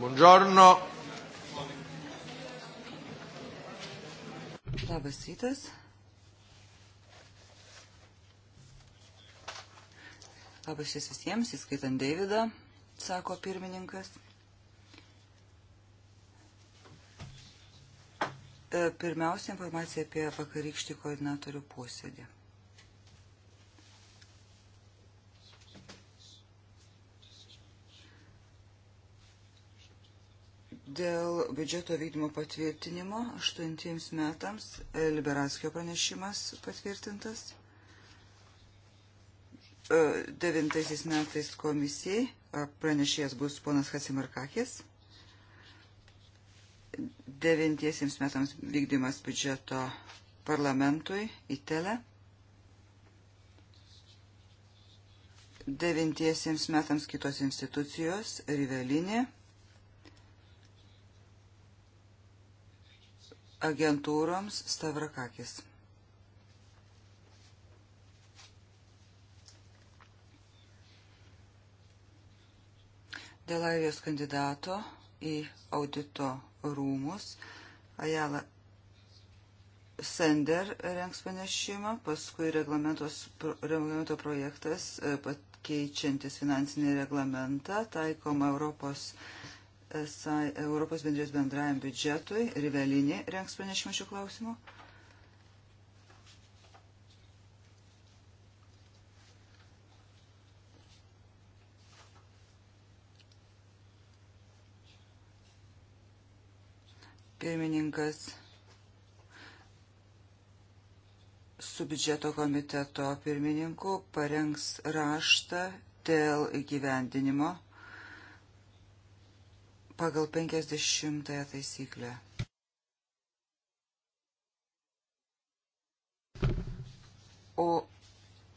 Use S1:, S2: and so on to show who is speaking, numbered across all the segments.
S1: Buongiorno. Labas rytas. Labas šis visiems, įskaitant Davidą, sako pirmininkas. E, pirmiausia informacija apie vakarykštį koordinatorių posėdį. Dėl biudžeto vykdymo patvirtinimo 8 metams e, Liberatskio pranešimas patvirtintas. 9 e, metais komisijai pranešėjas bus ponas Hasimarkakis. 9 metams vykdymas biudžeto parlamentui į telę. devintiesiems metams kitos institucijos, Rivelinė, agentūroms Stavrakakis. Dėl airijos kandidato į audito rūmus Ajala Sender rengs panešimą, paskui reglamento projektas e, pakeičiantis finansinį reglamentą taikoma Europos esai Europos bendrijos bendrajam biudžetui. Rivelinė renks pranešimą šių klausimų. Pirmininkas su biudžeto komiteto pirmininku parengs raštą dėl įgyvendinimo pagal 50 taisyklę. O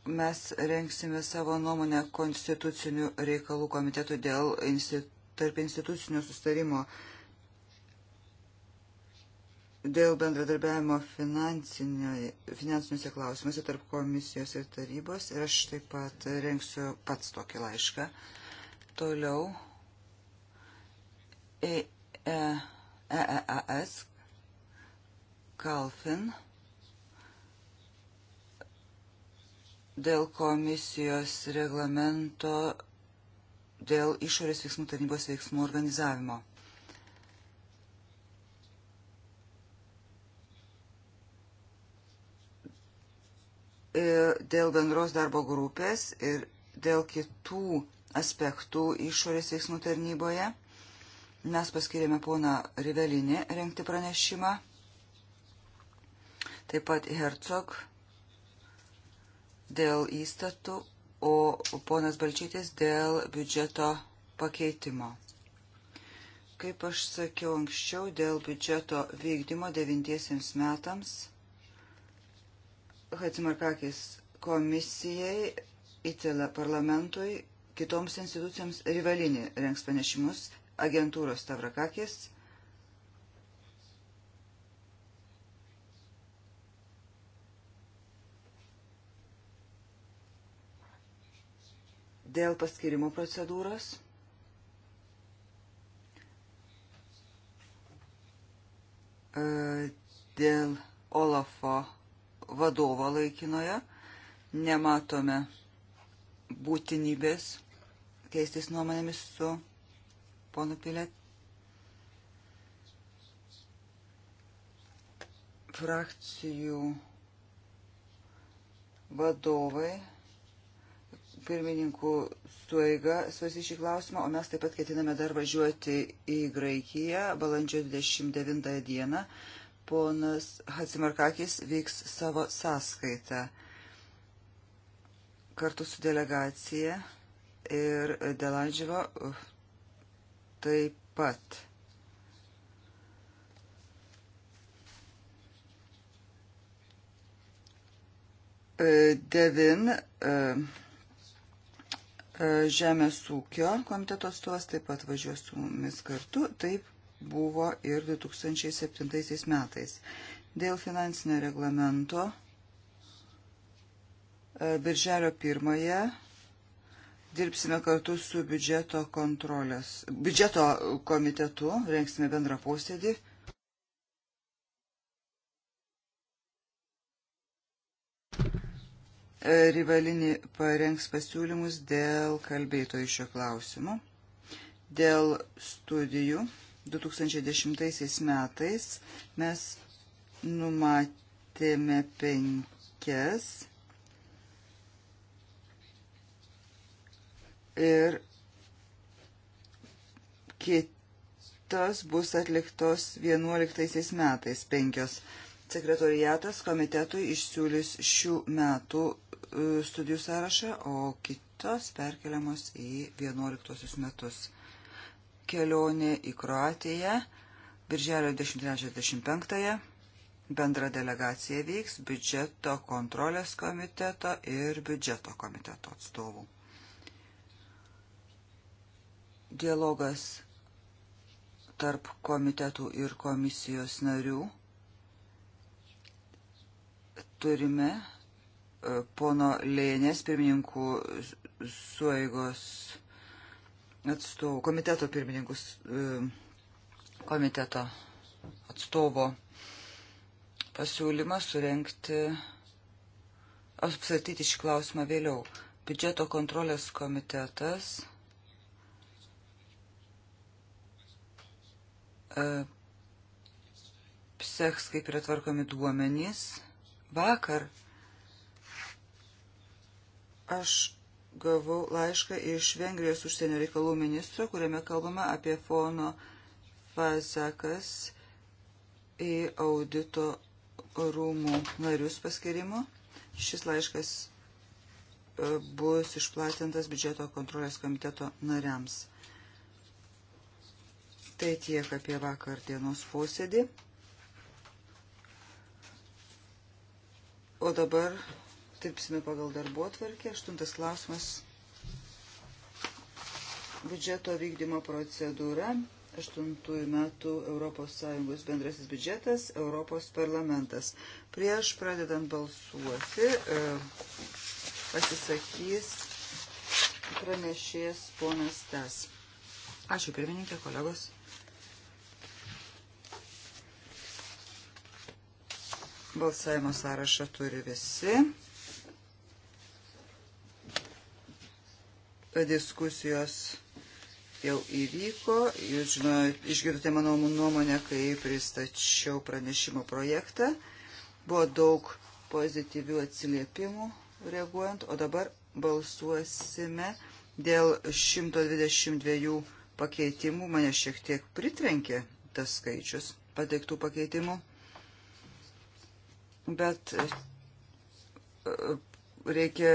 S1: mes rengsime savo nuomonę konstitucinių reikalų komitetų dėl institu, tarp institucinių sustarimo dėl bendradarbiavimo finansiniuose klausimuose tarp komisijos ir tarybos ir aš taip pat rengsiu pats tokį laišką. Toliau EEAS e, e, Kalfin dėl komisijos reglamento dėl išorės veiksmų tarnybos veiksmų organizavimo. E, dėl bendros darbo grupės ir dėl kitų aspektų išorės veiksmų tarnyboje Mes paskirėme poną Rivelinį renkti pranešimą, taip pat Hercog dėl įstatų, o ponas Balčytis dėl biudžeto pakeitimo. Kaip aš sakiau anksčiau, dėl biudžeto vykdymo devintiesiems metams Hatsimarkakis komisijai, įtelė parlamentui, kitoms institucijoms rivalinį rengs pranešimus agentūros Tavrakakis. Dėl paskirimo procedūros. E, dėl Olafo vadovo laikinoje nematome būtinybės keistis nuomonėmis su ponu Pilė. Frakcijų vadovai, pirmininkų sueiga svarstys šį klausimą, o mes taip pat ketiname dar važiuoti į Graikiją balandžio 29 dieną. Ponas Hatsimarkakis vyks savo sąskaitą kartu su delegacija ir Delandžyvo taip pat. E, devin e, e, Žemės ūkio komiteto atstovas taip pat važiuos su mumis kartu, taip buvo ir 2007 metais. Dėl finansinio reglamento Birželio pirmąją dirbsime kartu su biudžeto kontrolės, biudžeto komitetu, rengsime bendrą posėdį. E, Rivalinį parengs pasiūlymus dėl kalbėtojų šio klausimo, dėl studijų. 2010 metais mes numatėme penkias ir kitos bus atliktos 11 metais penkios. Sekretoriatas komitetui išsiūlys šių metų e, studijų sąrašą, o kitos perkeliamos į 11 metus. Kelionė į Kroatiją, birželio 13-25 bendra delegacija vyks biudžeto kontrolės komiteto ir biudžeto komiteto atstovų. Dialogas tarp komitetų ir komisijos narių. Turime e, pono Lėnės pirmininkų sueigos atstovų, komiteto pirmininkus e, komiteto atstovo pasiūlymą surenkti, apsvartyti šį klausimą vėliau. Biudžeto kontrolės komitetas seks, kaip yra tvarkomi duomenys. Vakar aš gavau laišką iš Vengrijos užsienio reikalų ministro, kuriame kalbama apie fono fazakas į audito rūmų narius paskirimo. Šis laiškas e, bus išplatintas biudžeto kontrolės komiteto nariams. Tai tiek apie vakar dienos posėdį. O dabar dirbsime pagal darbo atvarkę. Aštuntas klausimas. Biudžeto vykdymo procedūra. Aštuntųjų metų ES bendrasis biudžetas, Europos parlamentas. Prieš pradedant balsuoti, e, pasisakys pranešės ponas Tas. Ačiū pirmininkė, kolegos. Balsavimo sąrašą turi visi. Diskusijos jau įvyko. Jūs žino, išgirdote mano nuomonę, kai pristačiau pranešimo projektą. Buvo daug pozityvių atsiliepimų reaguojant, o dabar balsuosime dėl 122 pakeitimų. Mane šiek tiek pritrenkė tas skaičius pateiktų pakeitimų bet e, reikia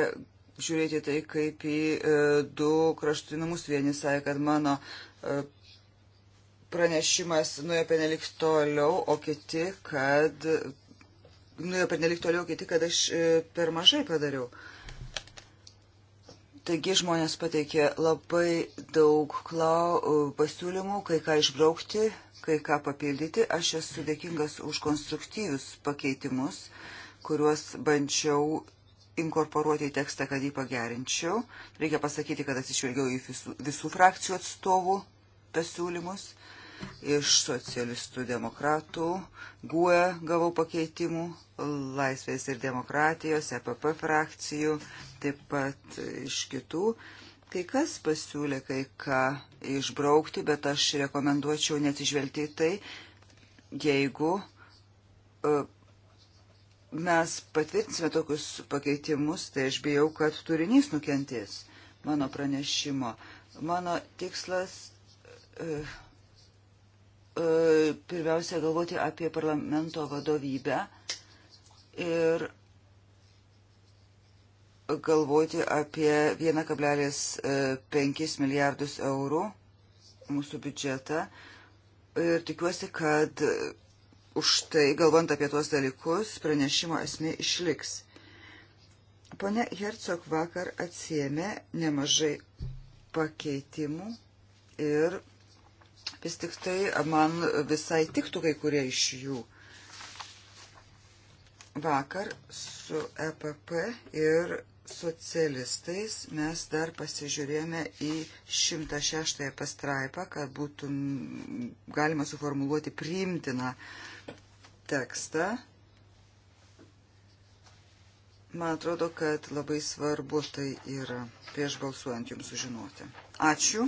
S1: žiūrėti tai kaip į e, du kraštutinumus. Vieni sakė, kad mano e, pranešimas nuėjo penelik toliau, o kiti, kad nuėjo penelik toliau, kiti, kad aš per mažai padariau. Taigi žmonės pateikė labai daug klau, pasiūlymų, kai ką išbraukti, kai ką papildyti. Aš esu dėkingas už konstruktyvius pakeitimus, kuriuos bandžiau inkorporuoti į tekstą, kad jį pagerinčiau. Reikia pasakyti, kad atsižvelgiau į visų, visų frakcijų atstovų pasiūlymus. Iš socialistų demokratų, GUE gavau pakeitimų, Laisvės ir demokratijos, EPP frakcijų, taip pat iš kitų. Uh, Kai kas pasiūlė kai ką išbraukti, bet aš rekomenduočiau netižvelgti tai, jeigu e, mes patvirtinsime tokius pakeitimus, tai aš bijau, kad turinys nukentės mano pranešimo. Mano tikslas e, e, pirmiausia galvoti apie parlamento vadovybę ir galvoti apie 1,5 e, milijardus eurų mūsų biudžetą ir tikiuosi, kad už tai, galvant apie tuos dalykus, pranešimo esmė išliks. Pone Hercog vakar atsiemė nemažai pakeitimų ir vis tik tai man visai tiktų kai kurie iš jų. Vakar su EPP ir socialistais mes dar pasižiūrėjome į 106 pastraipą, kad būtų galima suformuluoti priimtiną tekstą. Man atrodo, kad labai svarbu tai yra prieš balsuojant jums sužinoti. Ačiū.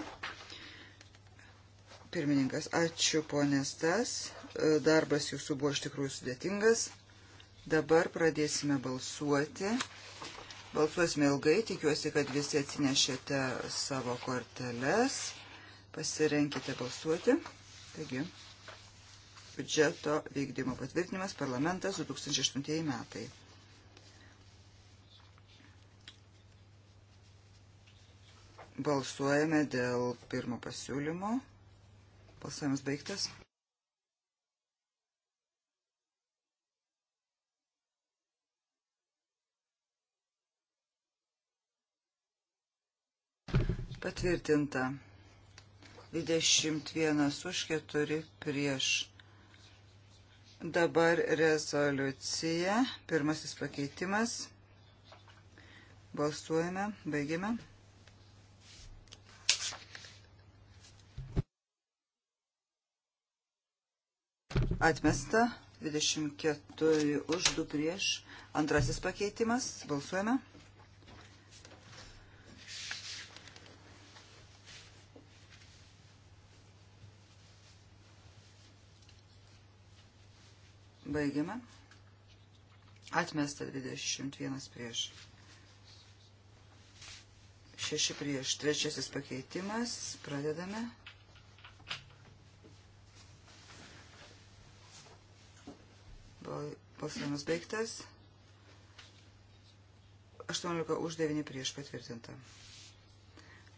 S1: Pirmininkas, ačiū ponės tas. E, darbas jūsų buvo iš tikrųjų sudėtingas. Dabar pradėsime balsuoti. Balsuosime ilgai, tikiuosi, kad visi atsinešėte savo korteles. Pasirenkite balsuoti. Taigi, biudžeto vykdymo patvirtinimas parlamentas 2008 metai. Balsuojame dėl pirmo pasiūlymo. Balsavimas baigtas. Patvirtinta. 21 už 4 prieš. Dabar rezoliucija. Pirmasis pakeitimas. Balsuojame. Baigiame. Atmesta. 24 už 2 prieš. Antrasis pakeitimas. Balsuojame. Baigiame. Atmesta 21 prieš. 6 prieš. Trečiasis pakeitimas. Pradedame. Balsavimas baigtas. 18 už 9 prieš patvirtinta.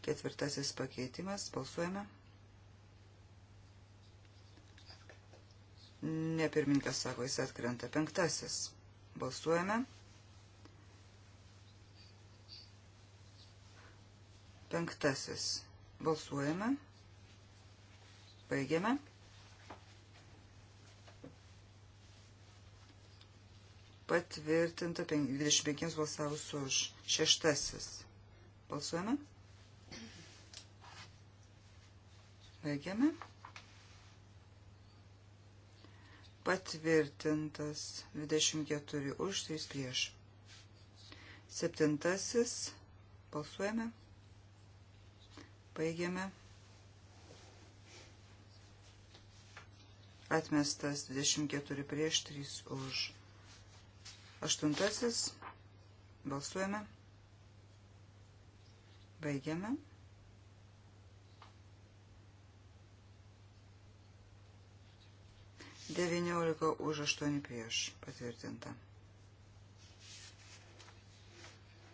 S1: Ketvirtasis pakeitimas. Balsuojame. Ne pirmininkas sako, jis atkrenta. Penktasis. Balsuojame. Penktasis. Balsuojame. Baigiame. Patvirtinta 25 balsavus už. Šeštasis. Balsuojame. Baigiame. patvirtintas 24 už 3 prieš. Septintasis balsuojame. Baigiame. Atmestas 24 prieš 3 už. Aštuntasis balsuojame. Baigiame. 19 už 8 prieš patvirtinta.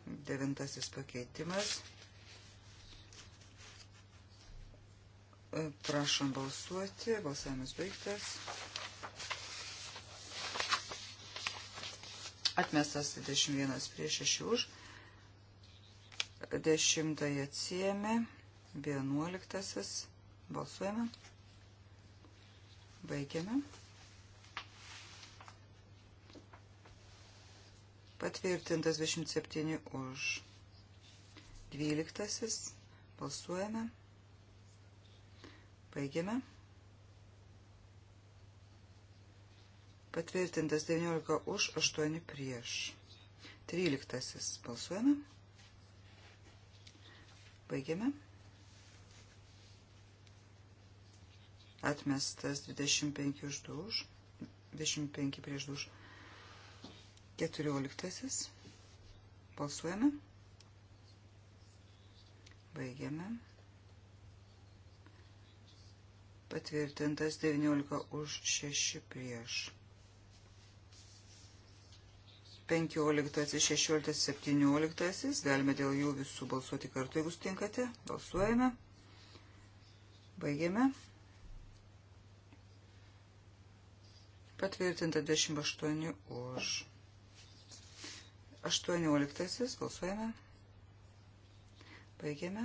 S1: Devintasis pakeitimas. E, prašom balsuoti. Balsavimas baigtas. Atmestas 21 prieš 6 už. Dešimtąją atsijėmė. Vienuoliktasis. Balsuojame. Baigiame. Patvirtintas 27 už. 12. Balsuojame. Baigiame. Patvirtintas 19 už, 8 prieš. 13. Balsuojame. Baigiame. Atmestas 25 už 2 už. 25 prieš 2 už. Keturioliktasis. Balsuojame. Baigiame. Patvirtintas 19 už 6 prieš. 15, 16, 17. Galime dėl jų visų balsuoti kartu, jeigu sutinkate. Balsuojame. Baigiame. Patvirtinta 28 už. 18. Balsuojame. Baigiame.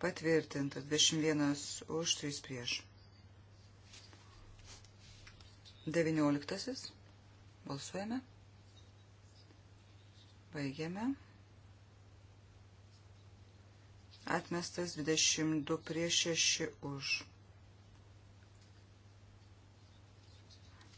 S1: Patvirtinta. 21 už 3 prieš. 19. Balsuojame. Baigiame. Atmestas 22 prieš 6 už.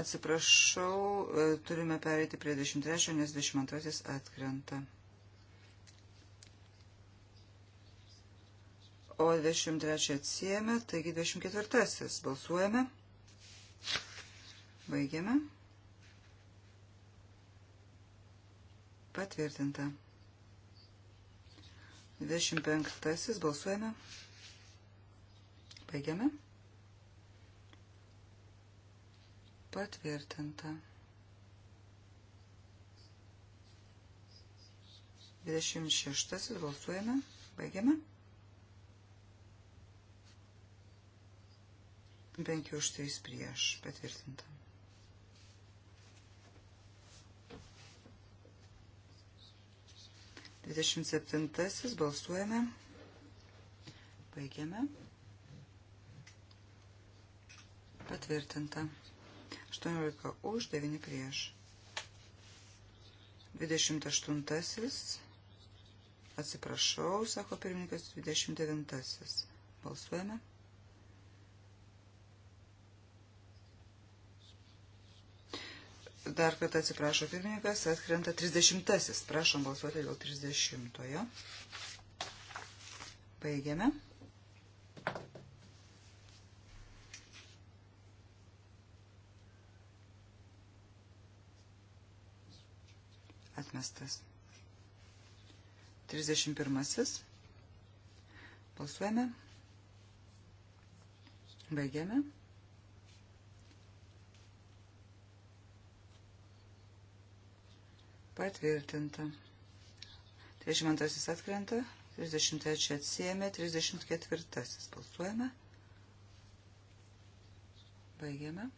S1: Atsiprašau, e, turime pereiti prie 23, nes 22 atkrenta. O 23 atsijėme, taigi 24 balsuojame. Baigiame. Patvirtinta. 25 balsuojame. Baigiame. Patvirtinta. 26. Balsuojame. Baigiame. 5 už 3 prieš. Patvirtinta. Dvidešimt septintasis balsuojame. Baigiame. Patvirtinta. 18 už, 9 prieš. 28. Atsiprašau, sako pirmininkas 29. Balsuojame. Dar kartą atsiprašo pirmininkas, atkrenta 30. Prašom balsuoti dėl 30. Baigiame. atmestas. 31. Balsuojame. Baigiame. Patvirtinta. 32 atkrenta, 33 atsijėmė, 34 balsuojame. Baigiame.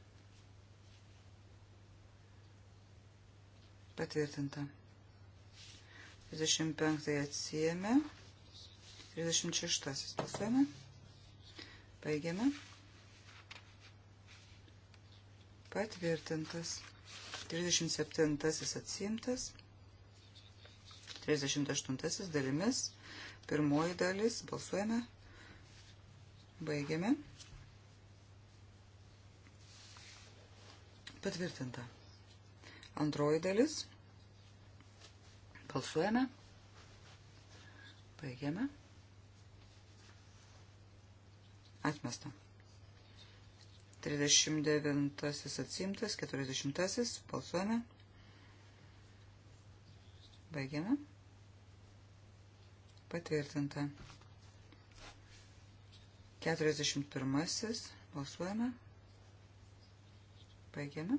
S1: Patvirtinta. 35 atsijėmė. 36 pasuojame. Baigiame. Patvirtintas. 37 atsijimtas. 38 dalimis. Pirmoji dalis. Balsuojame. Baigiame. Patvirtinta. Antroji dalis. Balsuojame. Baigiame. Atmesta. 39 atsimtas, 40 balsuojame. Baigiame. Patvirtinta. 41 balsuojame. Baigiame.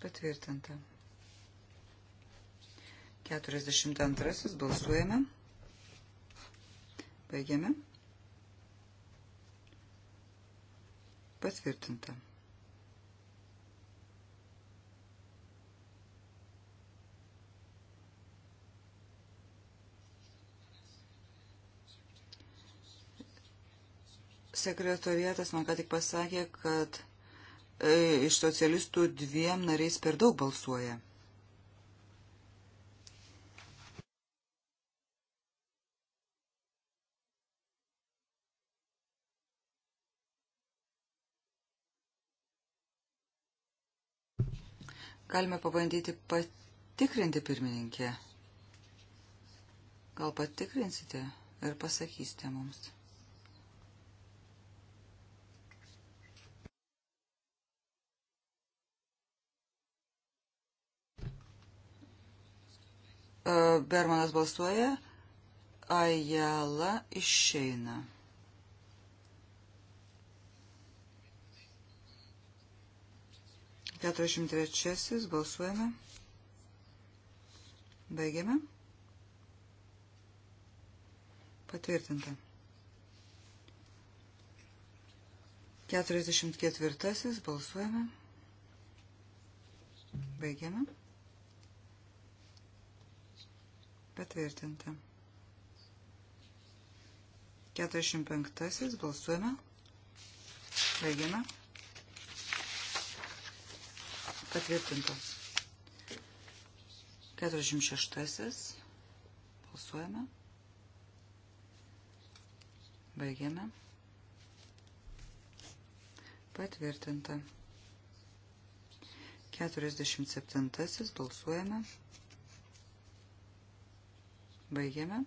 S1: Patvirtinta. 42 balsuojame. Baigiame. Patvirtinta. Sekretoriatas man ką tik pasakė, kad E, iš socialistų dviem nariais per daug balsuoja. Galime pabandyti patikrinti pirmininkę. Gal patikrinsite ir pasakysite mums. Bermanas balsuoja, Ajala išeina. Keturiasdešimt trečiasis balsuojame. Baigiame. Patvirtinta. 44. Balsuojame. Baigiame. Patvirtinta. 45. Balsuojame. Baigiame. Patvirtinta. 46. Balsuojame. Baigiame. Patvirtinta. 47. Balsuojame. Baigiame.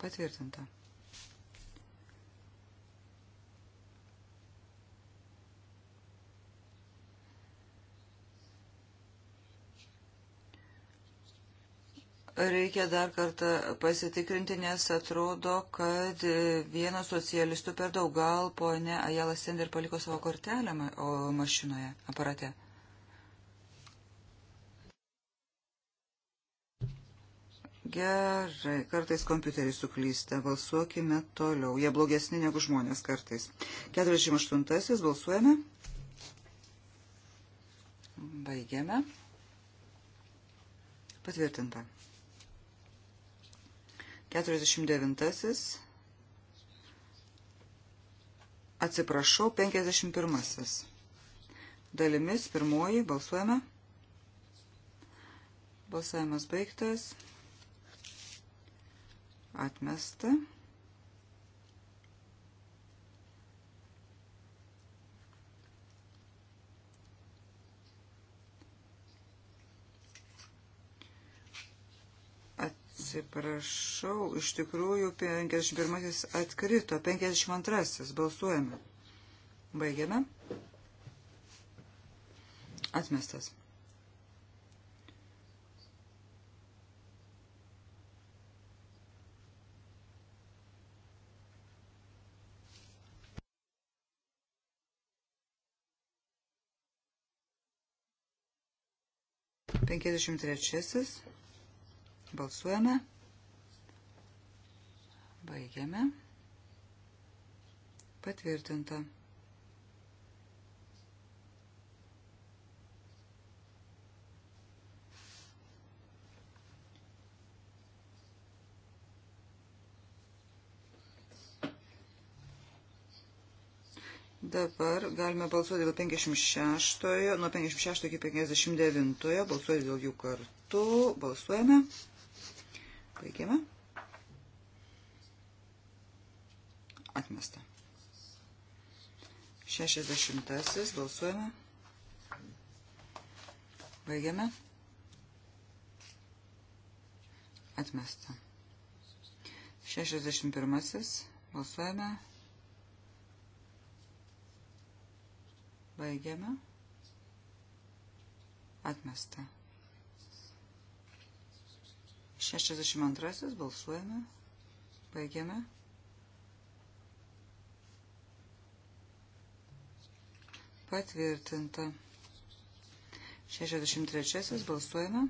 S1: Patvirtinta. Reikia dar kartą pasitikrinti, nes atrodo, kad vieno socialistų per daug gal ponė Ajala Sender paliko savo kortelę ma mašinoje, aparate. Gerai, kartais kompiuteriai suklysta, balsuokime toliau. Jie blogesni negu žmonės kartais. 48. Balsuojame. Baigiame. Patvirtinta. 49. Atsiprašau, 51. Dalimis pirmoji balsuojame. Balsavimas baigtas. Atmesta. Atsiprašau, iš tikrųjų 51 atkrito, 52 balsuojame. Baigiame. Atmestas. 53. Balsuojame. Baigiame. Patvirtinta. Dabar galime balsuoti dėl 56, nuo 56 iki 59, balsuoti dėl jų kartu, balsuojame, baigiame, atmesta. 60, balsuojame, baigiame, atmesta. 61, balsuojame, baigiame. Baigiame. Atmesta. 62 balsuojame. Baigiame. Patvirtinta. 63 balsuojame.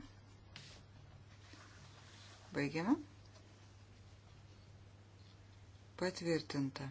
S1: Baigiame. Patvirtinta.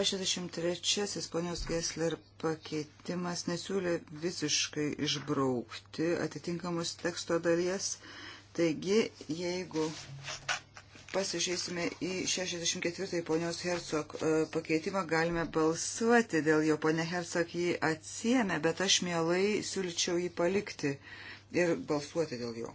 S1: 163 ponios Gesler pakeitimas nesiūlė visiškai išbraukti atitinkamus teksto dalies. Taigi, jeigu pasižiūrėsime į 64 ponios Hercog e, pakeitimą, galime balsuoti dėl jo. Pone Hercog jį atsiemė, bet aš mielai siūlyčiau jį palikti ir balsuoti dėl jo.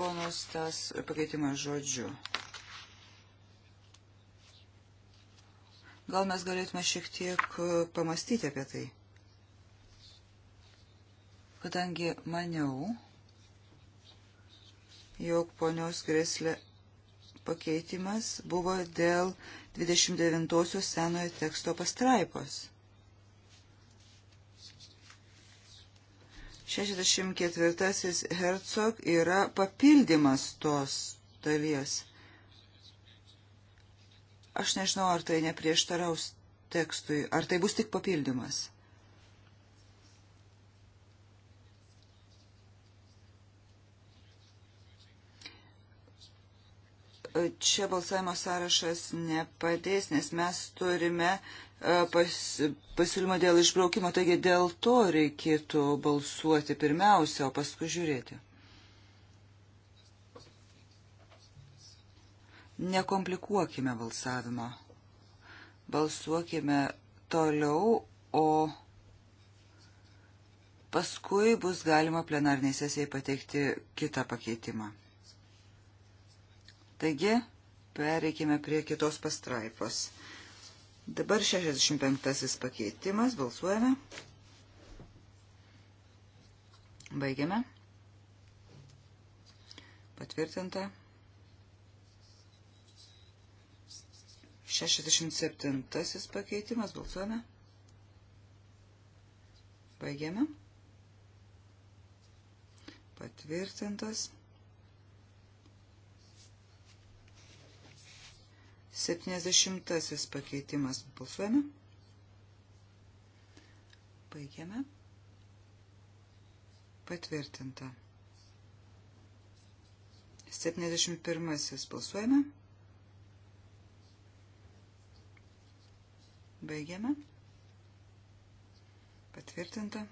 S1: ponos tas pakeitimas žodžiu. Gal mes galėtume šiek tiek e, pamastyti apie tai. Kadangi maniau, jog ponios Greslė pakeitimas buvo dėl 29 senojo teksto pastraipos. 64 Hercog yra papildymas tos dalies. Aš nežinau, ar tai neprieštaraus tekstui, ar tai bus tik papildymas. Čia balsavimo sąrašas nepadės, nes mes turime E, pas, pasiūlymą dėl išbraukimo, taigi dėl to reikėtų balsuoti pirmiausia, o paskui žiūrėti. Nekomplikuokime balsavimo. Balsuokime toliau, o paskui bus galima plenarniai sesijai pateikti kitą pakeitimą. Taigi, pereikime prie kitos pastraipos. Dabar 65 pakeitimas. Balsuojame. Baigiame. Patvirtinta. 67 pakeitimas. Balsuojame. Baigiame. Patvirtintas. 70 pakeitimas. Balsuojame. Baigiame. Patvirtinta. 71 balsuojame. Baigiame. Patvirtinta.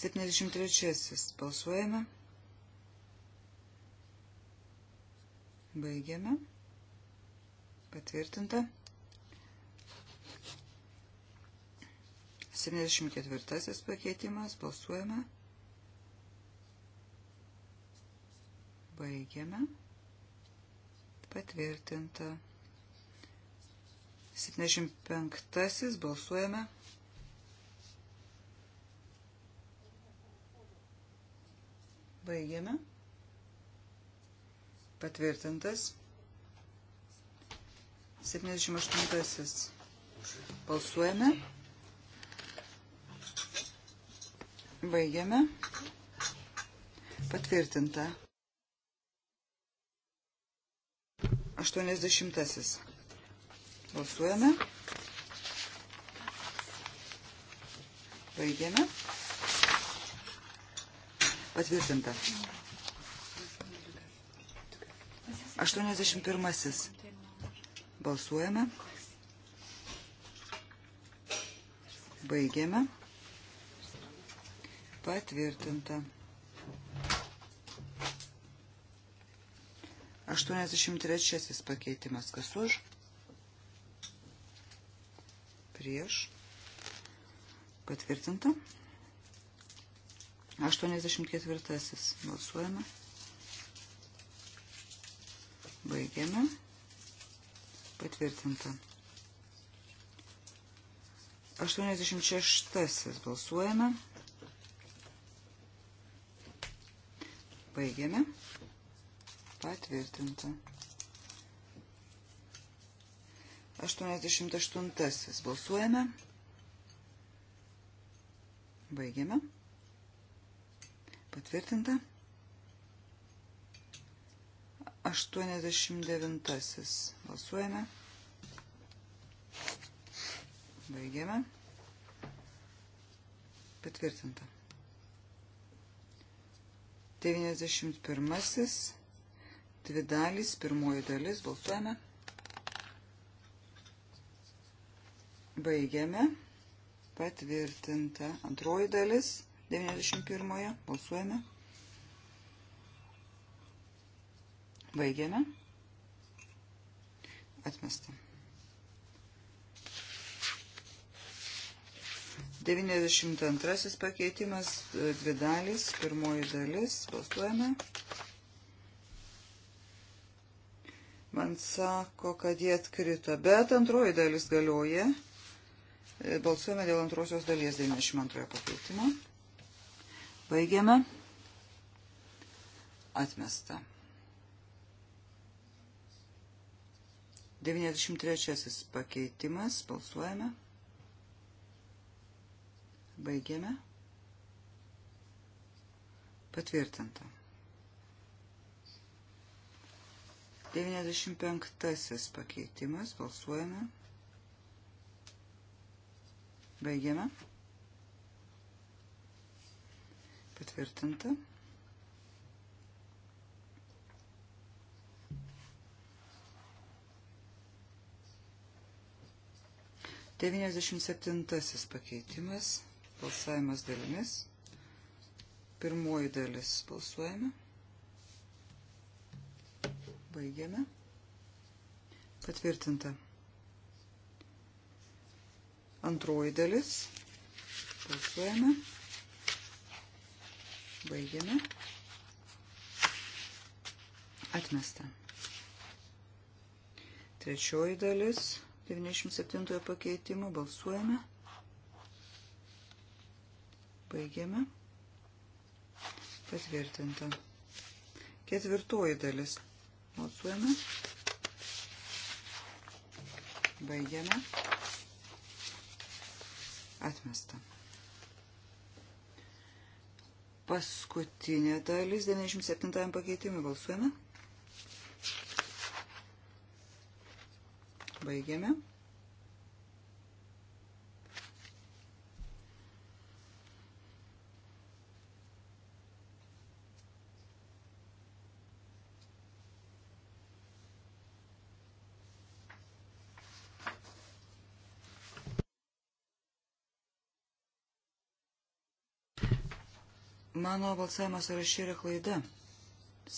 S1: Septyniasdešimt trečiasis. Balsuojame. Baigiame. Patvirtinta. 74 pakeitimas. Balsuojame. Baigiame. Patvirtinta. 75 balsuojame. Baigiame. Patvirtintas. 78. Balsuojame. Baigiame. Patvirtinta. 80. Balsuojame. Baigiame. Patvirtinta. 81. Balsuojame. Baigiame. Patvirtinta. 83 pakeitimas. Kas už? Prieš. Patvirtinta. 84. Balsuojame. Baigiame. Patvirtinta. 86 balsuojame. Baigiame. Patvirtinta. 88 balsuojame. Baigiame. Patvirtinta. 89. Balsuojame. Baigiame. Patvirtinta. 91. Dvi dalys, pirmoji dalis, balsuojame. Baigiame. Patvirtinta. Antroji dalis, 91. Balsuojame. Baigiame. Atmesta. 92 pakeitimas, dvi dalys, pirmoji dalis, balsuojame. Man sako, kad jie atkrito, bet antroji dalis galioja. Balsuojame dėl antrosios dalies 92 pakeitimo. Baigiame. Atmesta. 93 pakeitimas. Balsuojame. Baigiame. Patvirtinta. 95 pakeitimas. Balsuojame. Baigiame. Patvirtinta. 97 pakeitimas, balsavimas dalimis. Pirmoji dalis balsuojame. Baigiame. Patvirtinta. Antroji dalis. Balsuojame. Baigiame. Atmesta. Trečioji dalis. 97 pakeitimu balsuojame. Baigiame. Patvirtinta. Ketvirtoji dalis. Balsuojame. Baigiame. Atmesta. Paskutinė dalis 97 pakeitimui balsuojame. Baigiame. Mano balsavimas rašė yra klaida,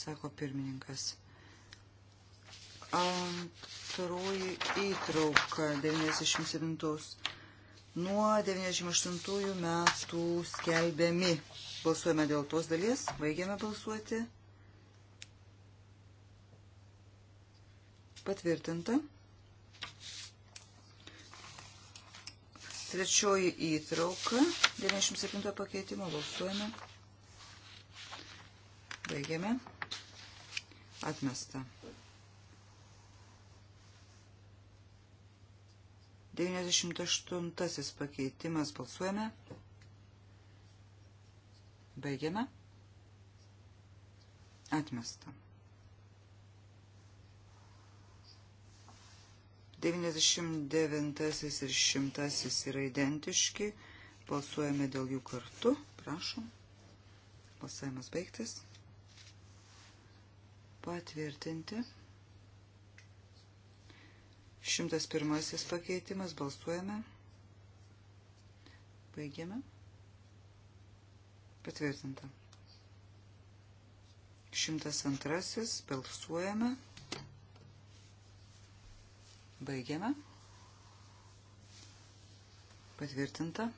S1: sako pirmininkas. Antroji įtrauka 97 nuo 98 metų skelbiami. Balsuojame dėl tos dalies, baigiame balsuoti. Patvirtinta. Trečioji įtrauka 97 pakeitimo balsuojame. Baigiame. Atmesta. 98 pakeitimas balsuojame. Baigiame. Atmesta. 99 ir 100 yra identiški. Balsuojame dėl jų kartu. Prašom. Balsavimas baigtas. Patvirtinti. 101 pakeitimas. Balsuojame. Baigiame. Patvirtinta. 102. Balsuojame. Baigiame. Patvirtinta.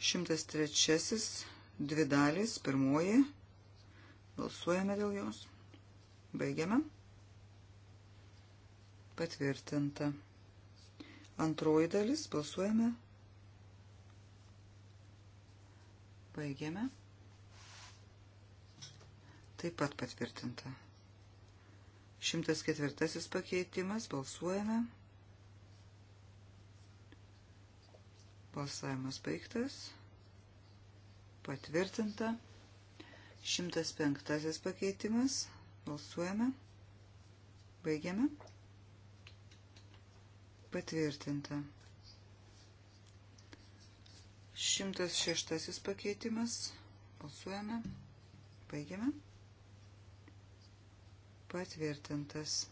S1: 103. Dvi dalys. Pirmoji. Balsuojame dėl jos. Baigiame patvirtinta. Antroji dalis balsuojame. Baigiame. Taip pat patvirtinta. 104 pakeitimas balsuojame. Balsavimas baigtas. Patvirtinta. 105 pakeitimas. Balsuojame. Baigiame. Patvirtinta. 106 pakeitimas. Balsuojame. Baigiame. Patvirtintas.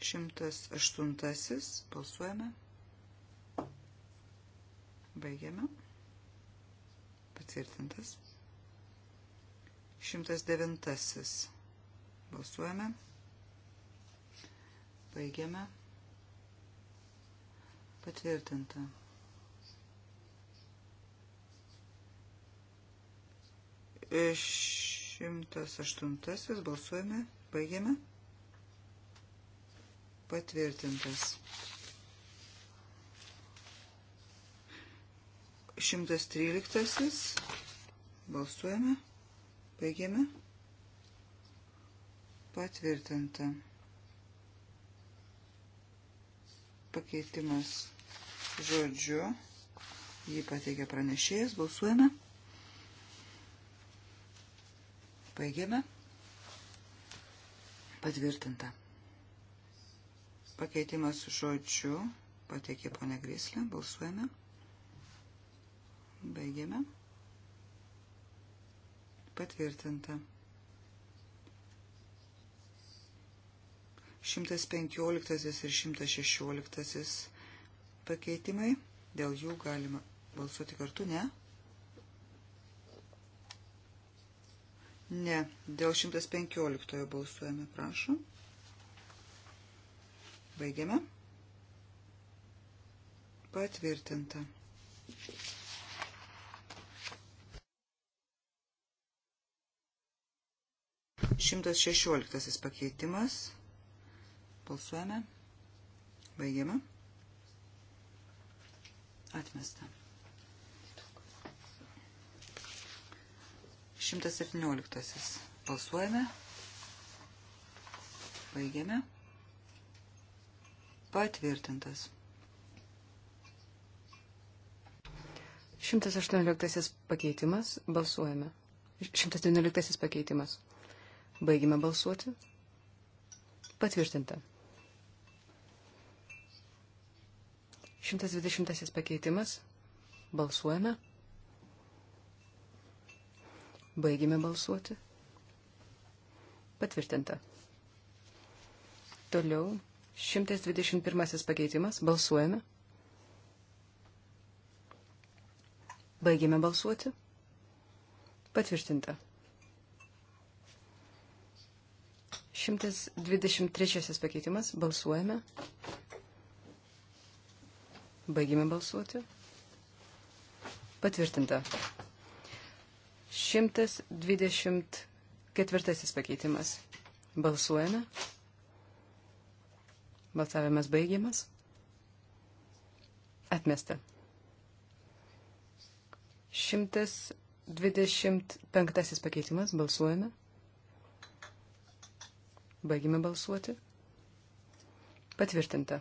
S1: 108. Balsuojame. Baigiame. Patvirtintas. 109. Balsuojame. Baigiame. Patvirtinta. Šimtas aštuntasis balsuojame, baigiame. Patvirtintas. Šimtas tryliktasis balsuojame, baigiame. Patvirtinta. Pakeitimas žodžiu. Jį pateikia pranešėjas. Balsuojame. Baigiame. Patvirtinta. Pakeitimas žodžiu pateikė ponė Grislė. Balsuojame. Baigiame. Patvirtinta. 115 ir 116 pakeitimai. Dėl jų galima balsuoti kartu, ne? Ne, dėl 115 balsuojame, prašom. Baigiame. Patvirtinta. Šimtas šešioliktasis pakeitimas. Balsuojame. Baigiame. Atmesta. 117. Balsuojame. Baigiame. Patvirtintas. 118
S2: pakeitimas. Balsuojame. 119 pakeitimas. Baigime balsuoti. Patvirtinta. 120 pakeitimas. Balsuojame. Baigime balsuoti. Patvirtinta. Toliau 121 pakeitimas. Balsuojame. Baigėme balsuoti. Patvirtinta. 123 pakeitimas. Balsuojame. Baigime balsuoti. Patvirtinta. 124 pakeitimas. Balsuojame. Balsavimas baigiamas. Atmesta. 125 pakeitimas. Balsuojame. Baigime balsuoti. Patvirtinta.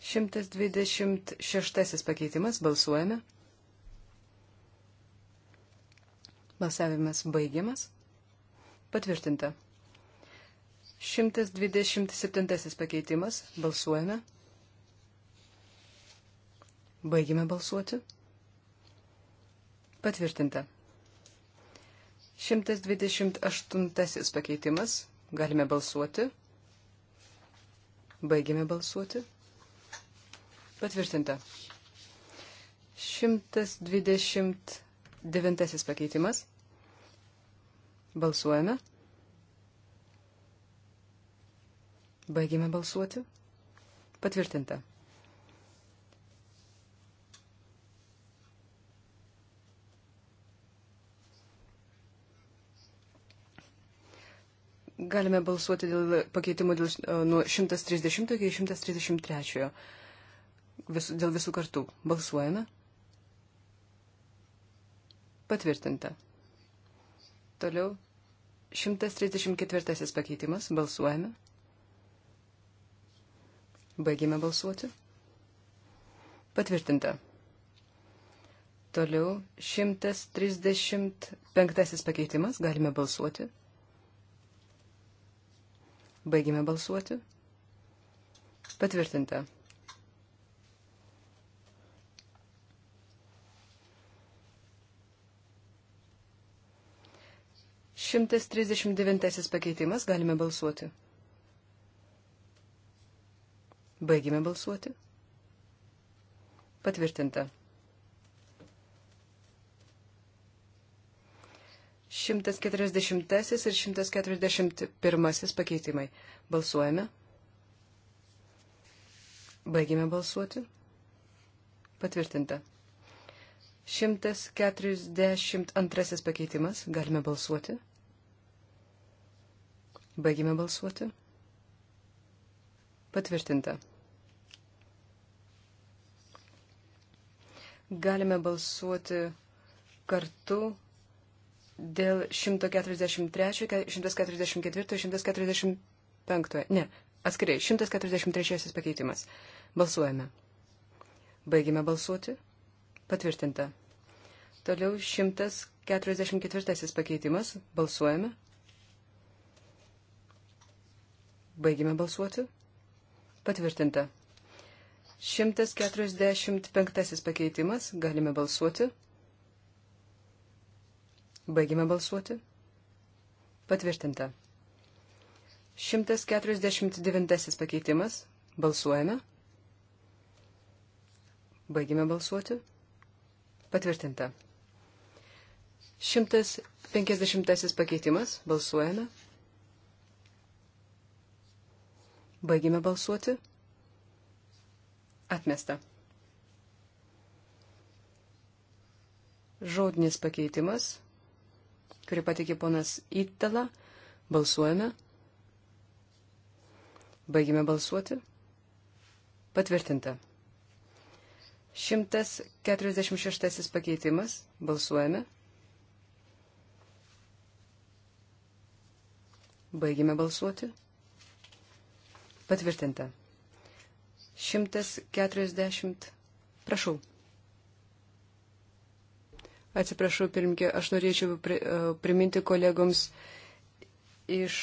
S2: 126 pakeitimas. Balsuojame. Balsavimas baigiamas. Patvirtinta. 127 pakeitimas. Balsuojame. Baigime balsuoti. Patvirtinta. 128 pakeitimas. Galime balsuoti. Baigime balsuoti. Patvirtinta. 129 pakeitimas. Balsuojame. Baigime balsuoti. Patvirtinta. Galime balsuoti dėl pakeitimų dėl, nuo 130 iki 133 vis, dėl visų kartų. Balsuojame. Patvirtinta. Toliau 134 pakeitimas. Balsuojame. Baigime balsuoti. Patvirtinta. Toliau 135 pakeitimas. Galime balsuoti. Baigime balsuoti. Patvirtinta. 139 pakeitimas galime balsuoti. Baigime balsuoti. Patvirtinta. 140 ir 141 pakeitimai. Balsuojame. Baigime balsuoti. Patvirtinta. 142 pakeitimas. Galime balsuoti. Baigime balsuoti. Patvirtinta. Galime balsuoti kartu dėl 143, 144, 145. Ne, atskirai, 143 pakeitimas. Balsuojame. Baigime balsuoti. Patvirtinta. Toliau 144 pakeitimas. Balsuojame. Baigime balsuoti. Patvirtinta. 145 pakeitimas. Galime balsuoti. Baigime balsuoti. Patvirtinta. 149 pakeitimas. Balsuojame. Baigime balsuoti. Patvirtinta. 150 pakeitimas. Balsuojame. Baigime balsuoti. Atmesta. Žodinis pakeitimas, kurį patikė ponas Itala. Balsuojame. Baigime balsuoti. Patvirtinta. 146 pakeitimas. Balsuojame. Baigime balsuoti. Patvirtinta. 140. Prašau. Atsiprašau, pirmkė, aš norėčiau e, priminti kolegoms iš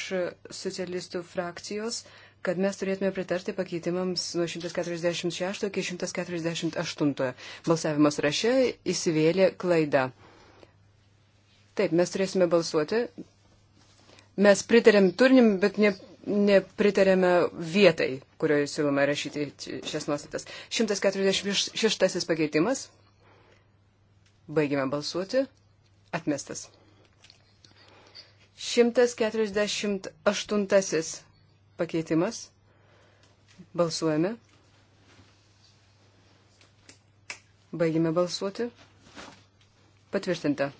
S2: socialistų frakcijos, kad mes turėtume pritarti pakeitimams nuo 146 iki 148. Balsavimas raše įsivėlė klaida. Taip, mes turėsime balsuoti. Mes pritarėm turinim, bet ne, nepritarėme vietai, kurioje siūloma rašyti šias nuostatas. 146 pakeitimas. Baigime balsuoti. Atmestas. 148 pakeitimas. Balsuojame. Baigime balsuoti. Patvirtinta.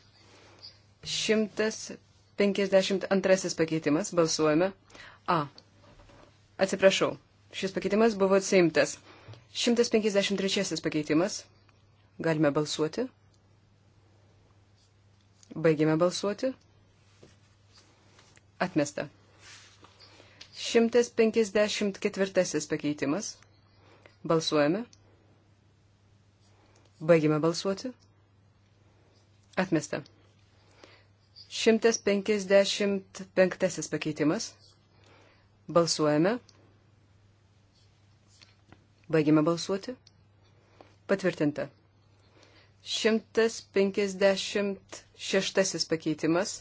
S2: 152 pakeitimas. Balsuojame. A. Atsiprašau, šis pakeitimas buvo atsimtas. 153 pakeitimas. Galime balsuoti. Baigime balsuoti. Atmesta. 154 pakeitimas. Balsuojame. Baigime balsuoti. Atmesta. 155 pakeitimas. Balsuojame. Baigime balsuoti. Patvirtinta. 156 pakeitimas.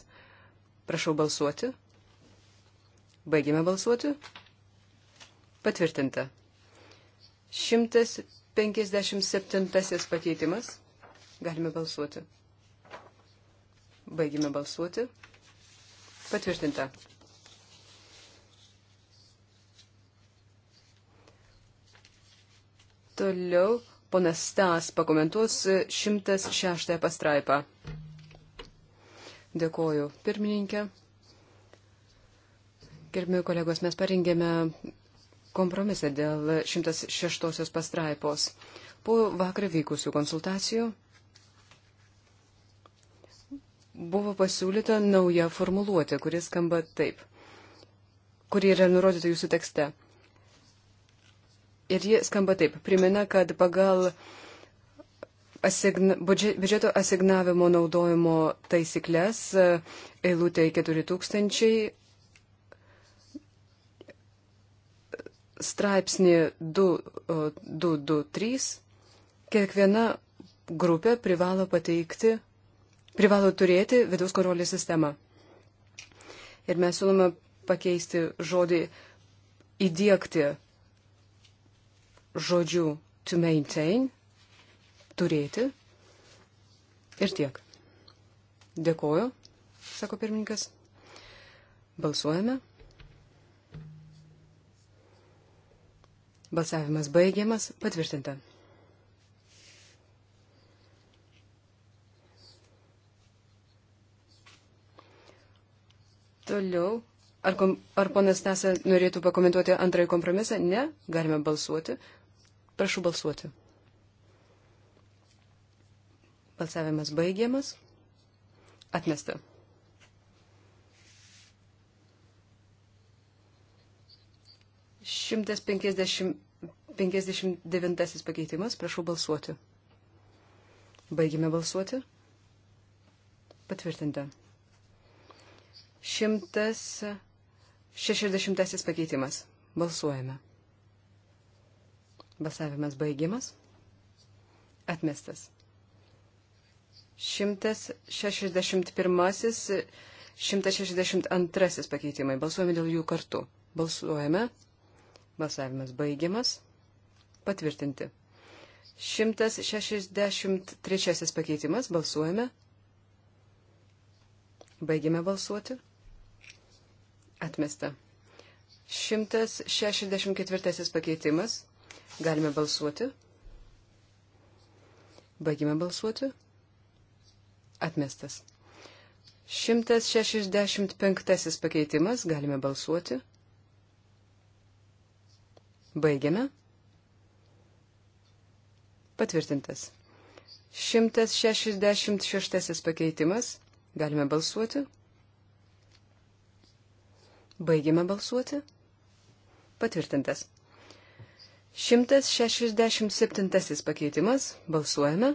S2: Prašau balsuoti. Baigime balsuoti. Patvirtinta. 157 pakeitimas. Galime balsuoti. Baigime balsuoti. Patvirtinta. Toliau ponas Stas pakomentuos 106 pastraipą. Dėkoju, pirmininkė. Gerbimi kolegos, mes parengėme kompromisą dėl 106 pastraipos. Po vakar vykusių konsultacijų buvo pasiūlyta nauja formuluotė, kuris skamba taip, kuri yra nurodyta jūsų tekste. Ir ji skamba taip. Primena, kad pagal asigna, biudžeto asignavimo naudojimo taisyklės e, eilutė 4000 straipsnį 223 kiekviena grupė privalo pateikti, privalo turėti vidaus kontrolės sistemą. Ir mes siūlome pakeisti žodį įdėkti žodžių to maintain, turėti. Ir tiek. Dėkoju, sako pirmininkas. Balsuojame. Balsavimas baigiamas, patvirtinta. Toliau. Ar, kom, ar ponas Nasa norėtų pakomentuoti antrąjį kompromisą? Ne, galime balsuoti. Prašau balsuoti. Balsavimas baigiamas. Atmesta. Šimtas penkiasdešimt devintasis pakeitimas. Prašau balsuoti. Baigime balsuoti. Patvirtinta. Šimtas šešiasdešimtasis pakeitimas. Balsuojame. Balsavimas baigiamas. Atmestas. 161, 162 pakeitimai. Balsuojame dėl jų kartu. Balsuojame. Balsavimas baigiamas. Patvirtinti. 163 pakeitimas. Balsuojame. Baigiame balsuoti. Atmesta. 164 pakeitimas. Galime balsuoti. Baigime balsuoti. Atmestas. 165 pakeitimas. Galime balsuoti. Baigiame. Patvirtintas. 166 pakeitimas. Galime balsuoti. Baigiame balsuoti. Patvirtintas. 167 pakeitimas. Balsuojame.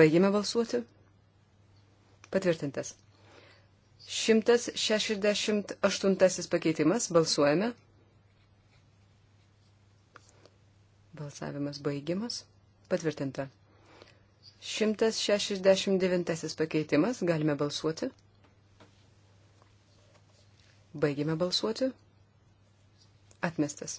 S2: Baigime balsuoti. Patvirtintas. 168 pakeitimas. Balsuojame. Balsavimas baigiamas. Patvirtinta. 169 pakeitimas. Galime balsuoti. Baigime balsuoti. Atmestas.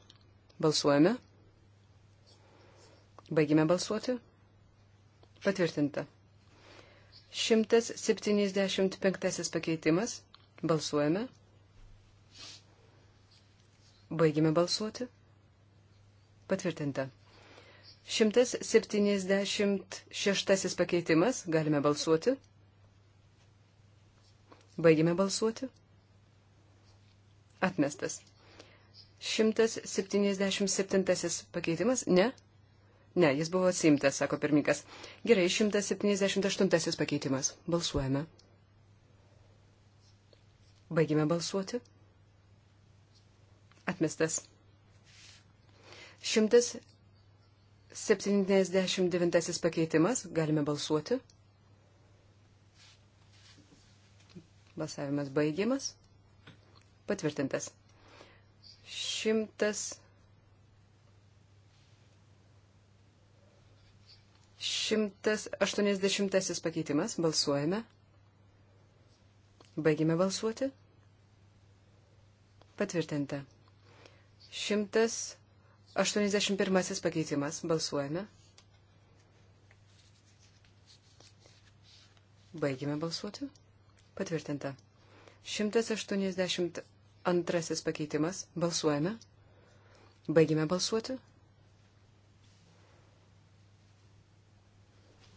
S2: Balsuojame. Baigime balsuoti. Patvirtinta. 175 pakeitimas. Balsuojame. Baigime balsuoti. Patvirtinta. 176 pakeitimas. Galime balsuoti. Baigime balsuoti. Atmestas. 177 pakeitimas? Ne? Ne, jis buvo atsimtas, sako pirmininkas. Gerai, 178 pakeitimas. Balsuojame. Baigime balsuoti. Atmestas. 179 pakeitimas. Galime balsuoti. Balsavimas baigiamas. Patvirtintas. Šimtas. Šimtas aštuoniasdešimtasis pakeitimas. Balsuojame. Baigime balsuoti. Patvirtinta. Šimtas aštuoniasdešimt pirmasis pakeitimas. Balsuojame. Baigime balsuoti. Patvirtinta. 182 Antrasis pakeitimas. Balsuojame. Baigime balsuoti.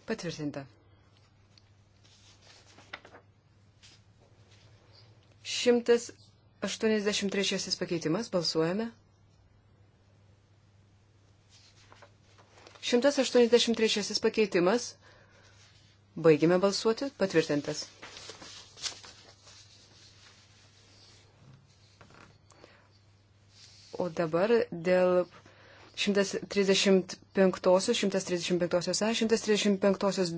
S2: Patvirtinta. 183 pakeitimas. Balsuojame. 183 pakeitimas. Baigime balsuoti. Patvirtintas. O dabar dėl 135, 135 A, 135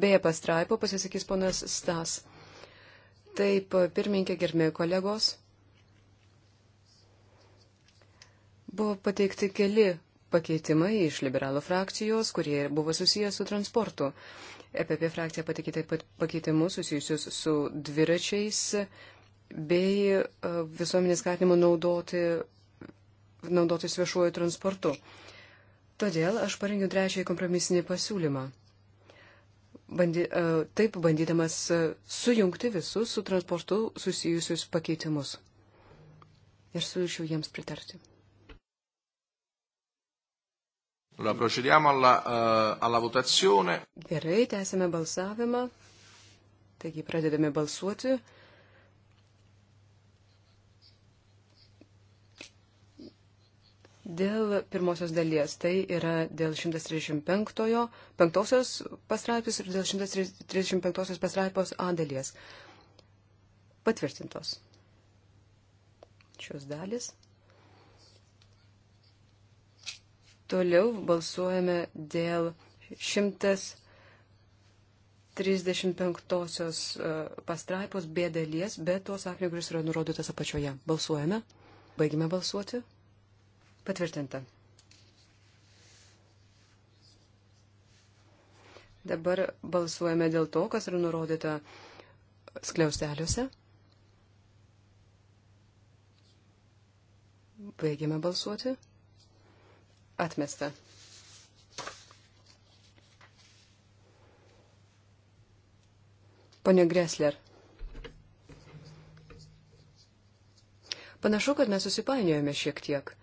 S2: B pastraipo pasisakys ponas Stas. Taip, pirmininkė, gerbėjai kolegos. Buvo pateikti keli pakeitimai iš liberalų frakcijos, kurie buvo susijęs su transportu. EPP frakcija pateikė taip pat pakeitimus susijusius su dviračiais bei e, visuomenės skatinimu naudoti naudotis viešuoju transportu. Todėl aš parengiau trečiąjį kompromisinį pasiūlymą. Bandy, e, taip bandydamas e, sujungti visus su transportu susijusius pakeitimus. Ir siūlyčiau jiems pritarti.
S3: Allora, procediamo alla, uh, alla votazione.
S2: Gerai, tęsime balsavimą. Taigi pradedame balsuoti. Dėl pirmosios dalies, tai yra dėl 135 pastraipos ir dėl 135 pastraipos A dalies. Patvirtintos šios dalis. Toliau balsuojame dėl 135 e, pastraipos B dalies, bet tuos akinių, kuris yra nurodytas apačioje. Balsuojame. Baigime balsuoti. Patvirtinta. Dabar balsuojame dėl to, kas yra nurodyta skliausteliuose. Baigiame balsuoti. Atmesta. Pone Gresler. Panašu, kad mes susipainiojame šiek tiek.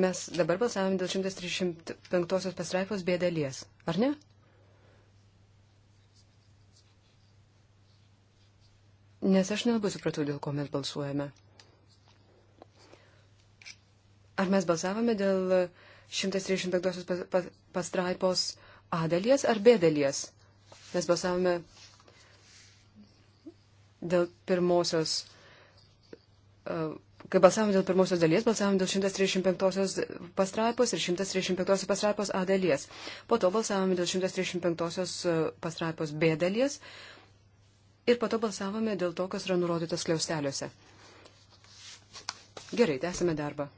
S2: Mes dabar balsavome dėl 135 pastraipos B dalies, ar ne? Nes aš nelabai supratau, dėl ko mes balsuojame. Ar mes balsavome dėl 135 pastraipos A dalies ar B dalies? Mes balsavome dėl pirmosios. Uh, Kai balsavom dėl pirmosios dalies, balsavom dėl 135 pastraipos ir 135 pastraipos A dalies. Po to balsavom dėl 135 e, pastraipos B dalies ir po to balsavome dėl to, kas yra nurodytas kliausteliuose. Gerai, tęsime darbą.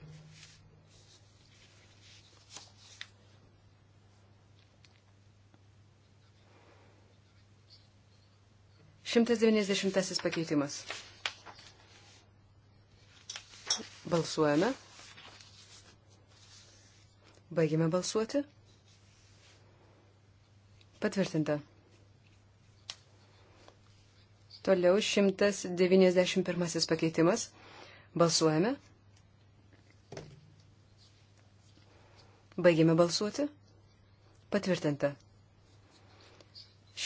S2: Šimtas devyniasdešimtasis pakeitimas. Balsuojame. Baigime balsuoti. Patvirtinta. Toliau 191 pakeitimas. Balsuojame. Baigėme balsuoti. Patvirtinta.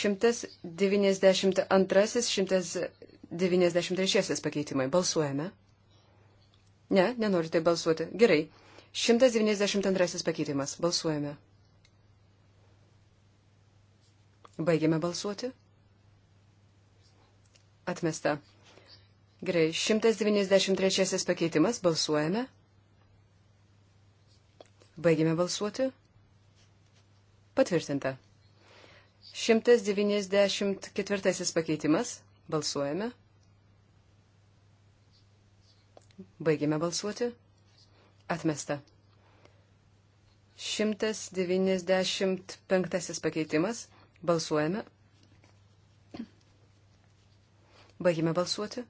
S2: 192, 193 pakeitimai. Balsuojame. Ne, nenorite balsuoti. Gerai. 192 pakeitimas. Balsuojame. Baigiame balsuoti. Atmesta. Gerai. 193 pakeitimas. Balsuojame. Baigiame balsuoti. Patvirtinta. 194 pakeitimas. Balsuojame. Baigėme balsuoti. Atmesta. 195 pakeitimas. Balsuojame. Baigime balsuoti.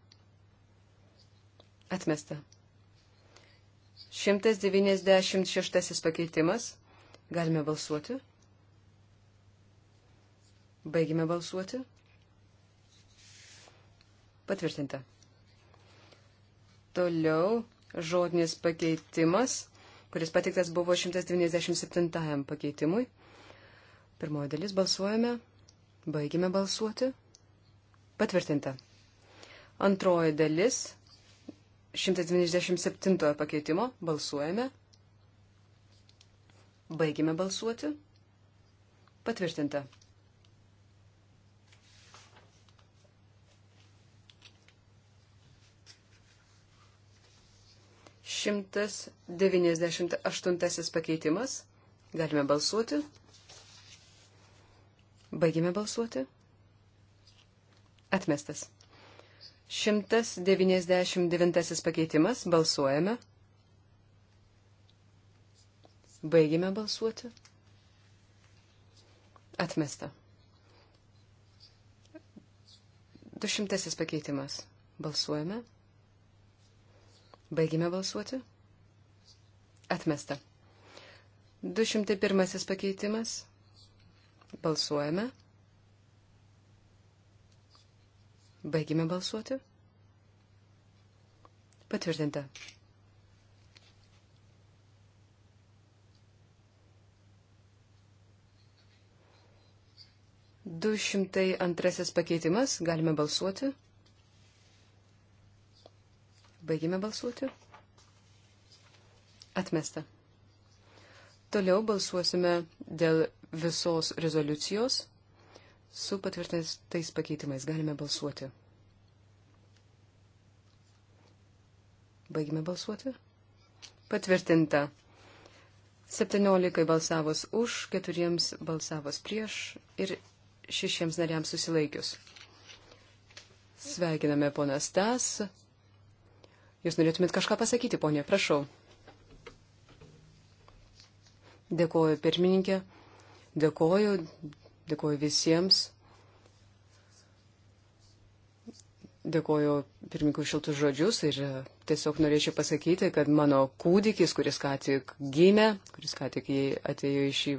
S2: Atmesta. 196 pakeitimas. Galime balsuoti. Baigime balsuoti. Patvirtinta. Toliau žodinis pakeitimas, kuris pateiktas buvo 197 pakeitimui. Pirmoji dalis balsuojame. Baigime balsuoti. Patvirtinta. Antroji dalis 197 pakeitimo. Balsuojame. Baigime balsuoti. Patvirtinta. 198 pakeitimas. Galime balsuoti. Baigime balsuoti. Atmestas. 199 pakeitimas. Balsuojame. Baigime balsuoti. Atmesta. 200 pakeitimas. Balsuojame. Baigime balsuoti. Atmesta. 201 pakeitimas. Balsuojame. Baigime balsuoti. Patvirtinta. Du šimtai antrasis pakeitimas. Galime balsuoti. Baigime balsuoti. Atmesta. Toliau balsuosime dėl visos rezoliucijos su patvirtintais pakeitimais. Galime balsuoti. Baigime balsuoti. Patvirtinta. 17 balsavos už, 4 balsavos prieš ir 6 nariams susilaikius. Sveikiname ponas Tas. Jūs norėtumėt kažką pasakyti, ponė, prašau. Dėkoju pirmininkė, dėkoju, dėkoju visiems. Dėkoju pirmininkų šiltus žodžius ir e, tiesiog norėčiau pasakyti, kad mano kūdikis, kuris ką tik gimė, kuris ką tik atėjo į šį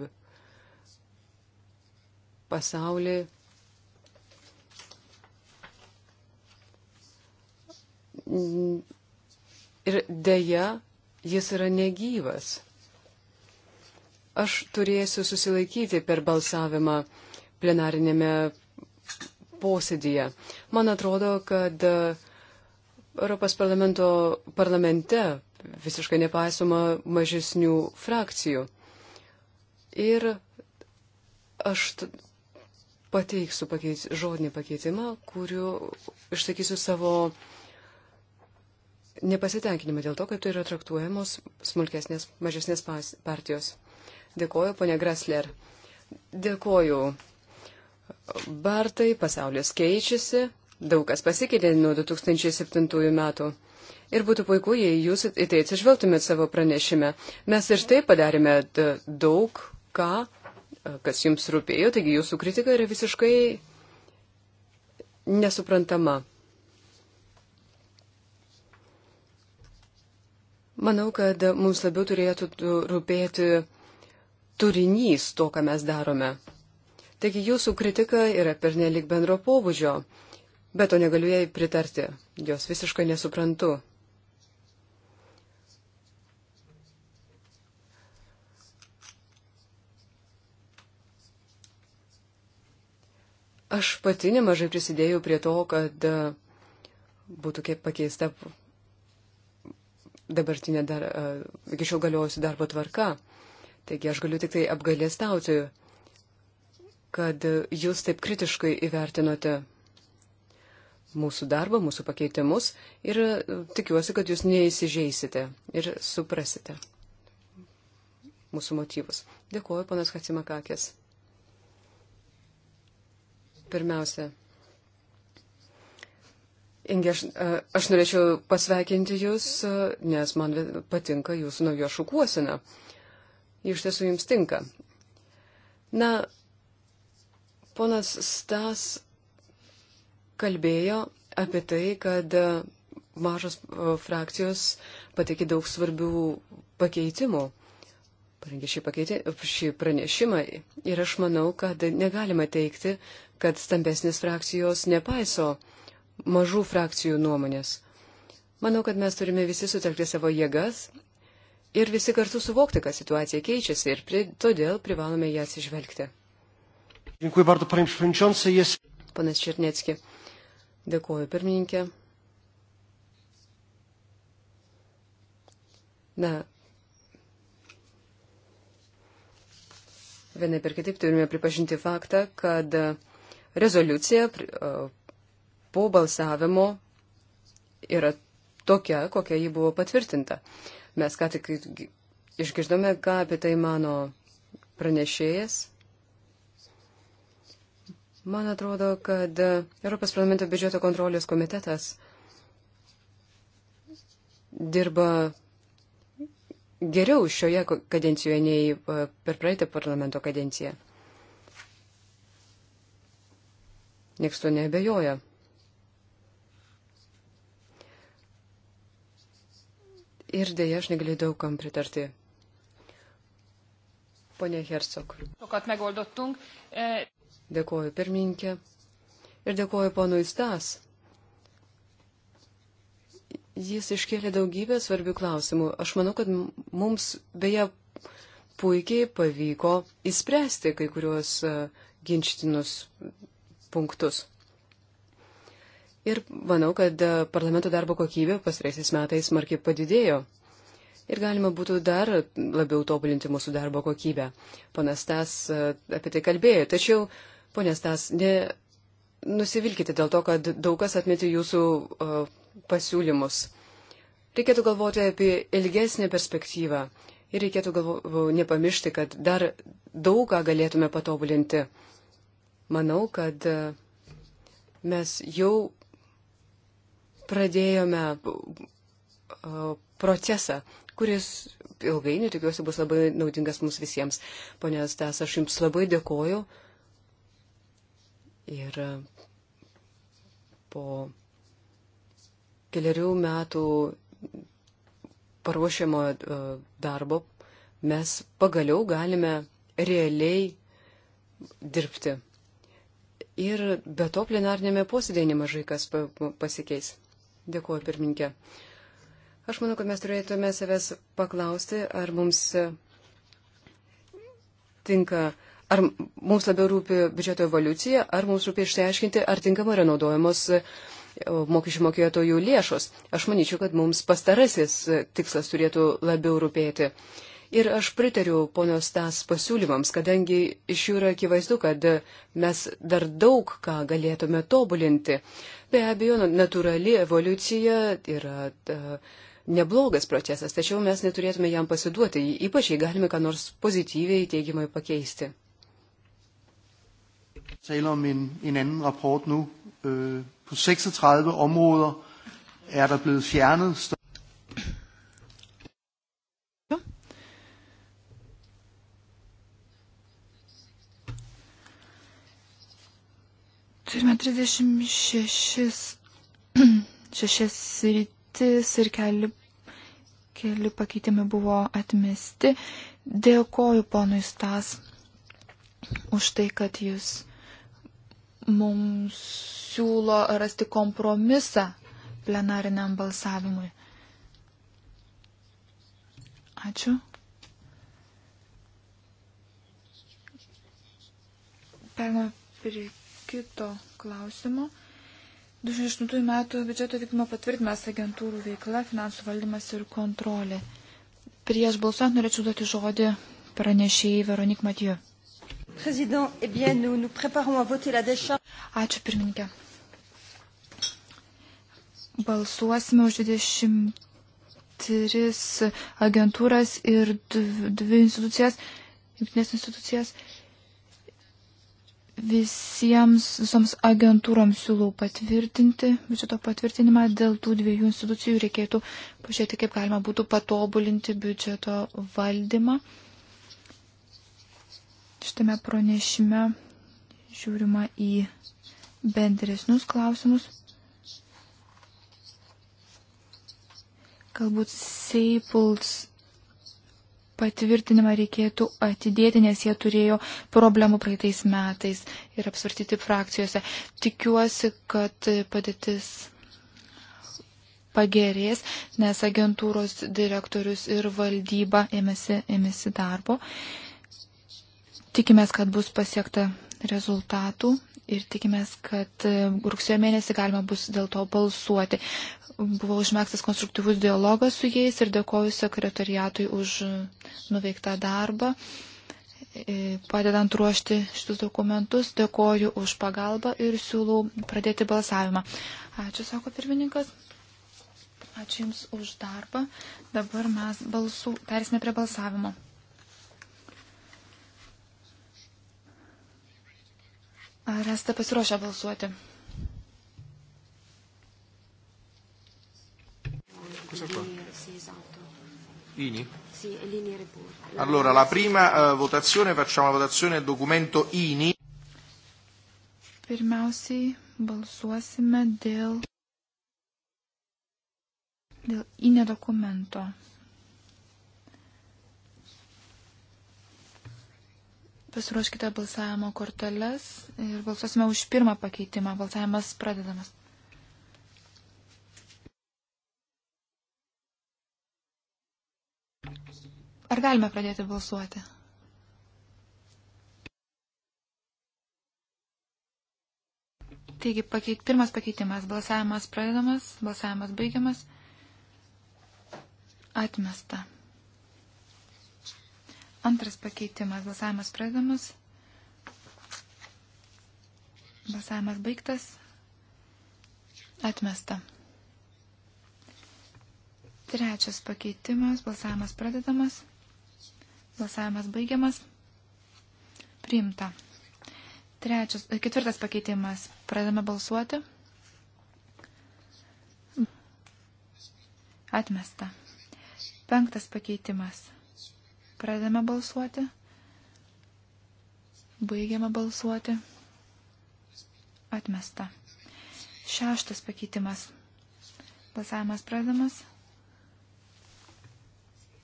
S2: pasaulį, ir dėja jis yra negyvas. Aš turėsiu susilaikyti per balsavimą plenarinėme posėdėje. Man atrodo, kad e, Europos parlamento parlamente visiškai nepaisoma mažesnių frakcijų. Ir aš pateiksiu pakeit, žodinį pakeitimą, kuriuo išsakysiu savo nepasitenkinimą dėl to, kaip tai yra traktuojamos smulkesnės, mažesnės partijos. Dėkoju, ponė Grasler. Dėkoju. Bartai, pasaulis keičiasi, daug kas pasikeitė nuo 2007 metų. Ir būtų puiku, jei jūs į tai atsižvelgtumėt savo pranešime. Mes ir tai padarėme daug ką, kas jums rūpėjo, taigi jūsų kritika yra visiškai nesuprantama. Manau, kad mums labiau turėtų rūpėti turinys to, ką mes darome. Taigi jūsų kritika yra pernelik bendro pobūdžio, bet to negaliu jai pritarti, jos visiškai nesuprantu. Aš pati nemažai prisidėjau prie to, kad e, būtų kiek pakeista dabartinė dar, e, iki šiol galiojusi darbo tvarka. Taigi aš galiu tik tai apgailėstauti, kad jūs taip kritiškai įvertinote mūsų darbą, mūsų pakeitimus ir e, tikiuosi, kad jūs neįsižeisite ir suprasite mūsų motyvus. Dėkuoju, ponas Hatsimakakės. Pirmiausia, Inge, aš, aš norėčiau pasveikinti Jūs, nes man patinka Jūsų naujo šukuosena. Iš tiesų Jums tinka. Na, ponas Stas kalbėjo apie tai, kad mažos frakcijos pateikė daug svarbių pakeitimų. Parengė šį, pakeitį, šį pranešimą ir aš manau, kad negalima teikti, kad stambesnės frakcijos nepaiso uh, mažų frakcijų nuomonės. Manau, kad mes turime visi sutelkti savo jėgas ir visi kartu suvokti, kad situacija keičiasi ir pri, todėl privalome jas išvelgti. Panas Černetski, dėkuoju pirmininkė. Na, vienai per kitaip turime pripažinti faktą, kad rezoliucija po balsavimo yra tokia, kokia ji buvo patvirtinta. Mes ką tik išgirdome, ką apie tai mano pranešėjas. Man atrodo, kad Europos parlamento biudžeto kontrolės komitetas dirba geriau šioje kadencijoje nei e, per praeitą parlamento kadenciją. Niekas to nebejoja. Ir dėja, aš negaliu daugam pritarti. Pone Hercog. E, dėkuoju pirmininkė ir dėkuoju ponui Stas. Jis iškėlė daugybę svarbių klausimų. Aš manau, kad mums beje puikiai pavyko įspręsti kai kuriuos e, ginčytinus punktus. Ir manau, kad e, parlamento darbo kokybė pastaraisiais metais smarkiai padidėjo. Ir galima būtų dar labiau tobulinti mūsų darbo kokybę. Ponas Tas e, apie tai kalbėjo. Tačiau, ponas Tas, ne, nusivilkite dėl to, kad daug kas atmetė jūsų uh, pasiūlymus. Reikėtų galvoti apie ilgesnį perspektyvą. Ir reikėtų galvo, nepamiršti, kad dar daug ką galėtume patobulinti. Manau, kad mes jau pradėjome uh, procesą, kuris ilgainiui, tikiuosi, bus labai naudingas mums visiems. Pone Stas, aš Jums labai dėkoju. Ir uh, po keliarių metų paruošiamo uh, darbo mes pagaliau galime realiai dirbti. Ir be to plenarnėme posėdėje nemažai kas pasikeis. Dėkuoju, pirminkė. Aš manau, kad mes turėtume savęs paklausti, ar mums tinka, ar mums labiau rūpi biudžeto evoliucija, ar mums rūpi išsiaiškinti, ar tinkamai yra naudojamos e, mokesčių mokėtojų lėšos. Aš manyčiau, kad mums pastarasis tikslas turėtų labiau rūpėti. Uh, Ir aš pritariu ponios tas pasiūlymams, kadangi iš jų yra akivaizdu, kad mes dar daug ką galėtume tobulinti. Be abejo, natūrali evoliucija yra neblogas procesas, tačiau mes neturėtume jam pasiduoti, ypač jei galime ką nors pozityviai teigiamai pakeisti. taler om en, en anden rapport nu. Øh, på 36 områder
S1: er der blevet fjernet
S3: Turime 36 šešias rytis ir keli, keli pakeitimai buvo atmesti. Dėkoju ponui Stas už tai, kad jis mums siūlo rasti kompromisą plenariniam balsavimui. Ačiū. Perėmė prie kito klausimo. 2008 metų biudžeto vykdymo patvirtinimas agentūrų veikla, finansų valdymas ir kontrolė. Prieš balsuojant norėčiau duoti žodį pranešėjai Veronik Matiju. Eh Ačiū pirmininkė. Balsuosime už 23 agentūras ir dvi institucijas, jungtinės institucijas. Visiems, visoms agentūroms siūlau patvirtinti, biudžeto patvirtinimą dėl tų dviejų institucijų reikėtų pažiūrėti, kaip galima būtų patobulinti biudžeto valdymą. Šitame pranešime žiūrima į bendresnius klausimus. Galbūt Seipults patvirtinimą reikėtų atidėti, nes jie turėjo problemų praeitais metais ir apsvarstyti frakcijose. Tikiuosi, kad padėtis pagerės, nes agentūros direktorius ir valdyba ėmėsi, ėmėsi darbo. Tikimės, kad bus pasiekta rezultatų ir tikimės, kad e, rugsėjo mėnesį galima bus dėl to balsuoti. Buvo užmėgstas konstruktyvus dialogas su jais ir dėkoju sekretariatui už nuveiktą darbą, e, padedant ruošti šitus dokumentus, dėkoju už pagalbą ir siūlau pradėti balsavimą. Ačiū, sako pirmininkas. Ačiū Jums už darbą. Dabar mes balsų, persime prie balsavimo. Ar esate pasiruošę balsuoti? Cosa qua? Ini?
S2: Sì, linee report.
S3: Allora, la prima uh, votazione, facciamo la votazione del documento INI. Pirmiausiai balsuosime dėl, dėl INE dokumento. Pasiruoškite balsavimo korteles ir balsuosime už pirmą pakeitimą. Balsavimas pradedamas. Ar galime pradėti balsuoti? Taigi, pakeit, pirmas pakeitimas. Balsavimas pradedamas, balsavimas baigiamas. Atmesta. Antras pakeitimas. Balsavimas pradedamas. Balsavimas baigtas. Atmesta. Trečias pakeitimas. Balsavimas pradedamas. Balsavimas baigiamas. Priimta. Trečias, e, ketvirtas pakeitimas. Pradame balsuoti. Atmesta. Penktas pakeitimas. Pradedame balsuoti. Baigiame balsuoti. Atmesta. Šeštas pakeitimas. Balsavimas pradedamas.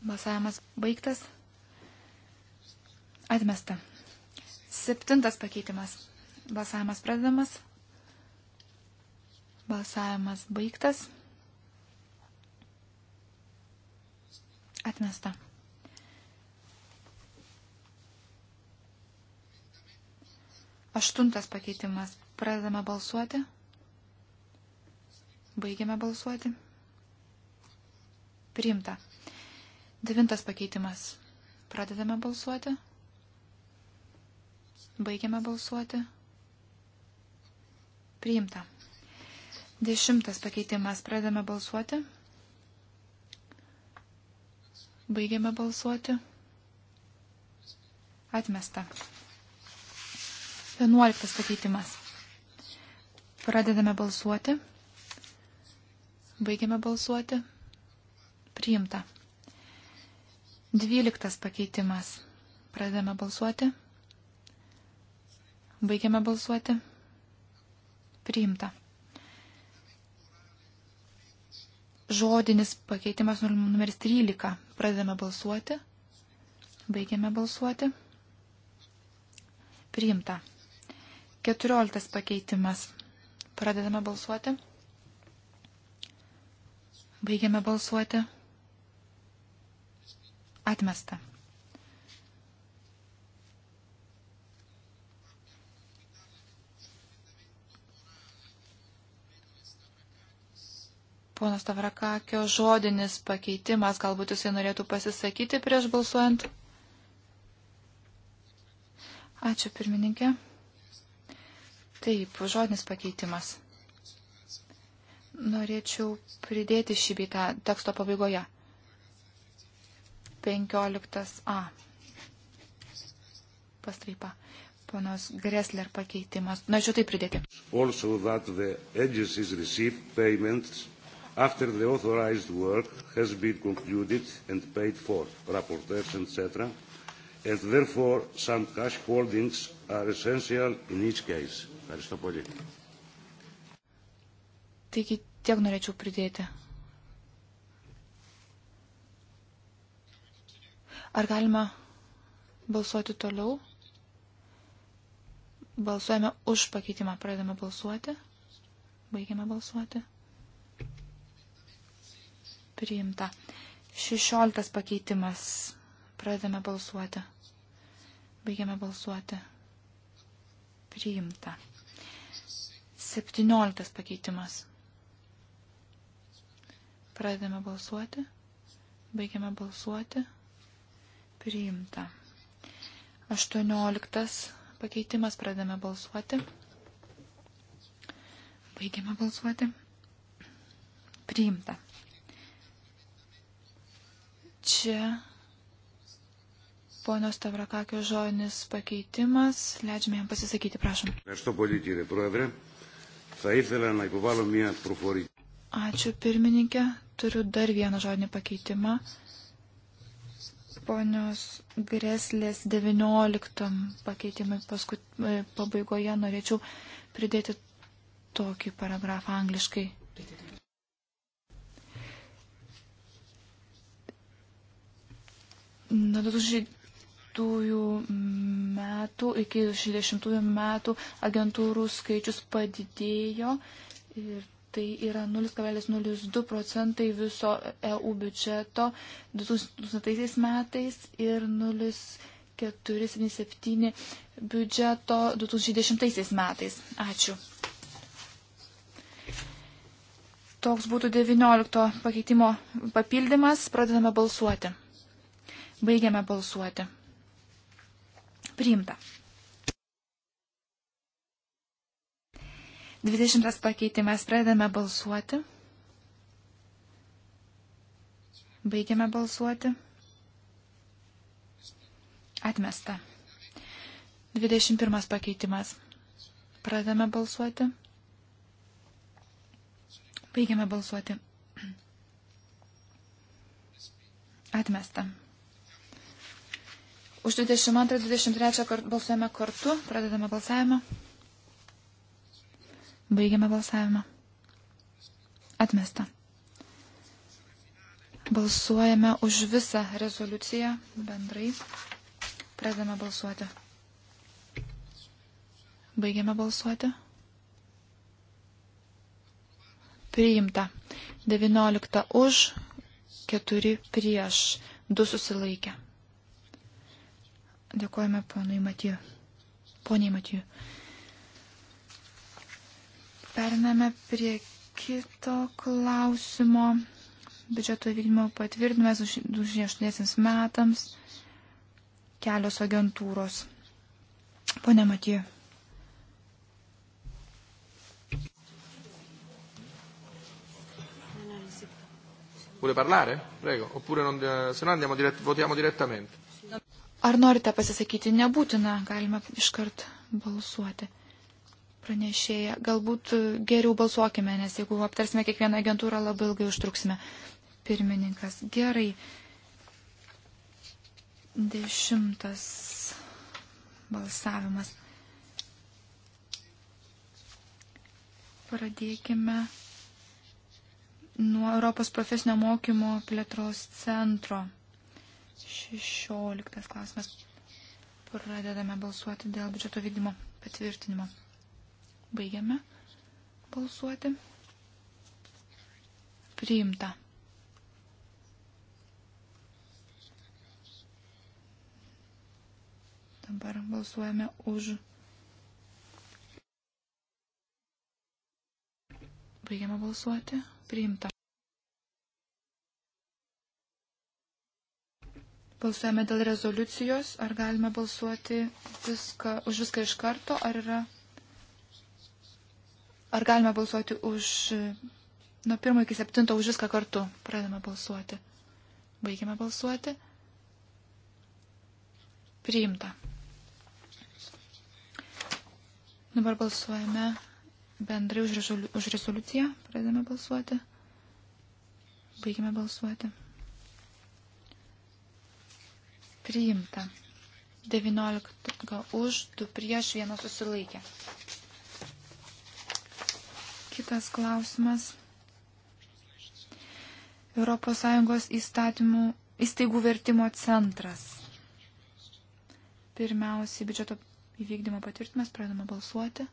S3: Balsavimas baigtas. Atmesta. Septintas pakeitimas. Balsavimas pradedamas. Balsavimas baigtas. Atmesta. Aštuntas pakeitimas. Pradedame balsuoti. Baigiame balsuoti. Priimta. Devintas pakeitimas. Pradedame balsuoti. Baigiame balsuoti. Priimta. Dešimtas pakeitimas. Pradedame balsuoti. Baigiame balsuoti. Atmesta. 11 pakeitimas. Pradedame balsuoti. Baigiame balsuoti. Priimta. 12 pakeitimas. Pradedame balsuoti. Baigiame balsuoti. Priimta. Žodinis pakeitimas numeris 13. Pradedame balsuoti. Baigiame balsuoti. Priimta. Keturioliktas pakeitimas. Pradedame balsuoti. Baigiame balsuoti. Atmesta. Ponas Tavrakakio žodinis pakeitimas, galbūt jisai norėtų pasisakyti prieš balsuojant. Ačiū pirmininkė. Taip, žodinis pakeitimas. Norėčiau pridėti šį beitą teksto pabaigoje. 15a. Pastraipa. Ponos Gresler pakeitimas. Norėčiau tai pridėti.
S1: Also that the agencies receive payments after the authorized work has been concluded and paid for, rapporteurs, etc., and therefore some cash holdings are essential in each case. Ευχαριστώ πολύ.
S3: Taigi tiek norėčiau pridėti. Ar galima balsuoti toliau? Balsuojame už pakeitimą, pradedame balsuoti, baigiame balsuoti. Priimta. 16 pakeitimas. Pradedame balsuoti. Baigiame balsuoti. Priimta. 17 pakeitimas. Pradedame balsuoti. Baigiame balsuoti. Priimta. 18 pakeitimas. Pradedame balsuoti. Baigiame balsuoti. Priimta. Čia ponios Tavrakakio žodinis pakeitimas. Leidžiame jam pasisakyti, prašom.
S1: Aš to politikai, proedrė. Θα ήθελα να υποβάλω μια προφορική.
S3: Ačiū pirmininkė, turiu dar vieną žodinį pakeitimą. Ponios Greslės 19 pakeitimai paskut, e, pabaigoje norėčiau pridėti tokį paragrafą angliškai. Nuo 2000 metų iki 60 metų agentūrų skaičius padidėjo ir tai yra 0,02 procentai viso EU biudžeto 2000 metais ir 0,477 biudžeto 2010 metais. Ačiū. Toks būtų 19 pakeitimo papildymas. Pradedame balsuoti. Baigiame balsuoti. Priimta. 20 pakeitimas. Pradedame balsuoti. Baigiame balsuoti. Atmesta. 21 pakeitimas. Pradedame balsuoti. Baigiame balsuoti. Atmesta. Už 22-23 kart, balsuojame kartu, pradedame balsavimą. Baigiame balsavimą. Atmesta. Balsuojame už visą rezoliuciją bendrai. Pradedame balsuoti. Baigiame balsuoti. Priimta. 19 už, 4 prieš, 2 susilaikę. Dėkojame ponui Matiju. Poniai Matiju. Periname prie kito klausimo. Biudžeto vykdymo patvirtinimas už 2008 metams kelios agentūros. Pone Matiju. Vuole parlare? Prego. Oppure non, se no andiamo dirett, votiamo direttamente. Ar norite pasisakyti? Nebūtina, galime iškart balsuoti. Pranešėja, galbūt geriau balsuokime, nes jeigu aptarsime kiekvieną agentūrą, labai ilgai užtruksime. Pirmininkas, gerai. Dešimtas balsavimas. Pradėkime nuo Europos profesinio mokymo plėtros centro. 16 klausimas. Pradedame balsuoti dėl biudžeto vykdymo patvirtinimo. Baigiame balsuoti. Priimta. Dabar balsuojame už. Baigiame balsuoti. Priimta. Balsuojame dėl rezoliucijos. Ar galime balsuoti viską, už viską iš karto, ar yra. Ar galime balsuoti už. Nuo pirmo iki septinto už viską kartu pradame balsuoti. Baigiame balsuoti. Priimta. Dabar balsuojame bendrai už, rezoliu, už rezoliuciją. Pradame balsuoti. Baigiame balsuoti. Priimta. 19 už, 2 prieš, 1 susilaikė. Kitas klausimas. ES įstatymų įstaigų vertimo centras. Pirmiausiai biudžeto įvykdymo patvirtimas, pradedame balsuoti.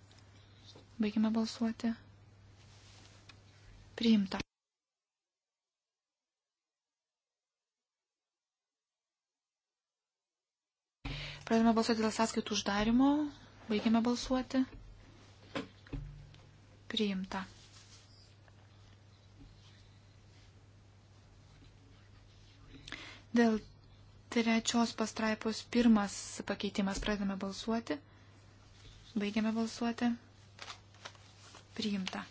S3: Baigime balsuoti. Priimta. Pradame balsuoti dėl sąskaitų uždarimo. Baigiame balsuoti. Priimta. Dėl trečios pastraipos pirmas pakeitimas pradame balsuoti. Baigiame balsuoti. Priimta.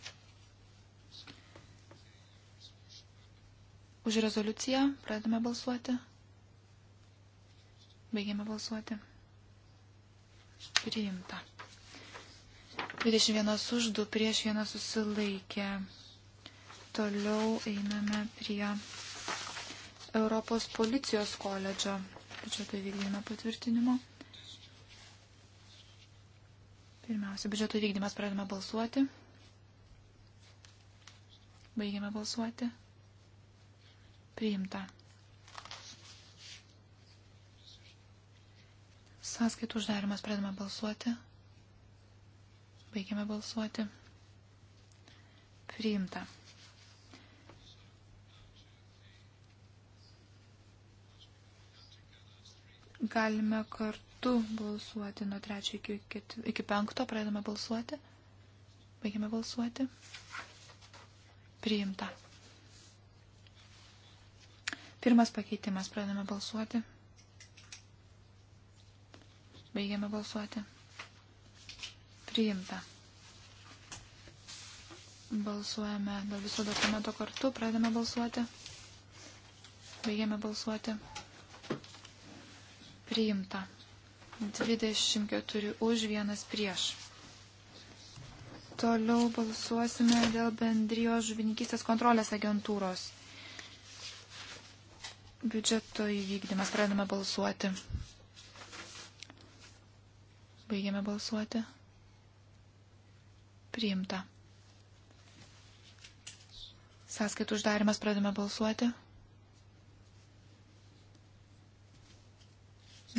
S3: Už rezoliuciją pradame balsuoti. Baigiame balsuoti. Priimta. 21 už 2 prieš 1 susilaikė. Toliau einame prie Europos policijos koledžo biudžeto įvykdymo patvirtinimo. Pirmiausia, biudžeto įvykdymas pradame balsuoti. Baigiame balsuoti. Priimta. Sąskaitų uždarimas pradame balsuoti. Baigiame balsuoti. Priimta. Galime kartu balsuoti nuo trečio iki, ketv... iki penkto, pradame balsuoti. Baigiame balsuoti. Priimta. Pirmas pakeitimas, pradame balsuoti. Baigiame balsuoti. Priimta. Balsuojame dėl viso dokumento kartu. Pradame balsuoti. Baigiame balsuoti. Priimta. 24 už, 1 prieš. Toliau balsuosime dėl bendrijos žuvininkystės kontrolės agentūros. Biudžeto įvykdymas pradame balsuoti. Baigiame balsuoti. Priimta. Sąskaitų uždarimas pradame balsuoti.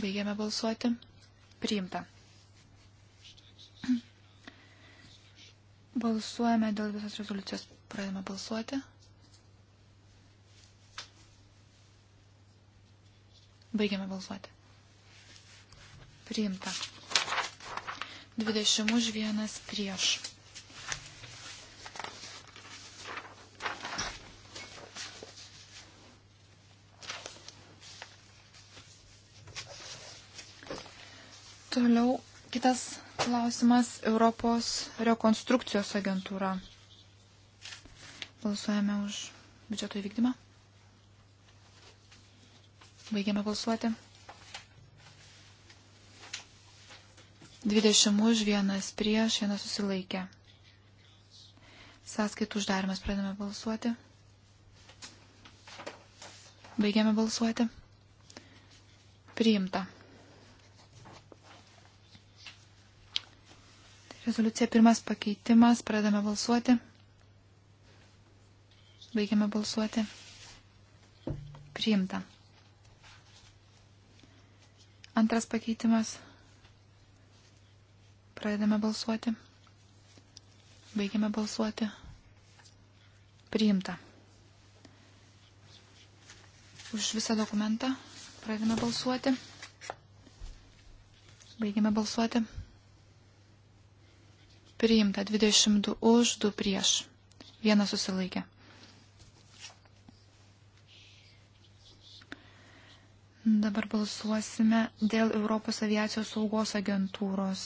S3: Baigiame balsuoti. Priimta. Balsuojame dėl visos rezoliucijos. Pradame balsuoti. Baigiame balsuoti. Priimta. 20 už 1 prieš. Toliau kitas klausimas Europos rekonstrukcijos agentūra. Balsuojame už biudžeto įvykdymą. Baigiame balsuoti. 20 už, vienas prieš, vienas susilaikė. Sąskaitų uždarimas pradame balsuoti. Baigiame balsuoti. Priimta. Rezoliucija pirmas pakeitimas. Pradame balsuoti. Baigiame balsuoti. Priimta. Antras pakeitimas. Pradedame balsuoti. Baigiame balsuoti. Priimta. Už visą dokumentą pradedame balsuoti. Baigiame balsuoti. Priimta 22 už, 2 prieš. Vienas susilaikė. Dabar balsuosime dėl Europos aviacijos saugos agentūros.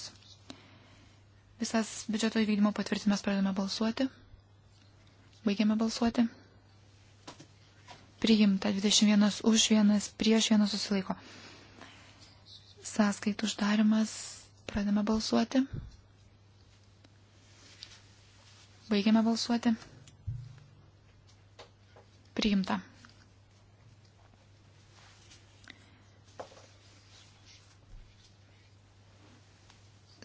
S3: Visas biudžeto įvykdymo patvirtinimas pradame balsuoti. Baigiame balsuoti. Priimta 21 už 1, prieš 1 susilaiko. Sąskaitų uždarimas pradame balsuoti. Baigiame balsuoti. Priimta.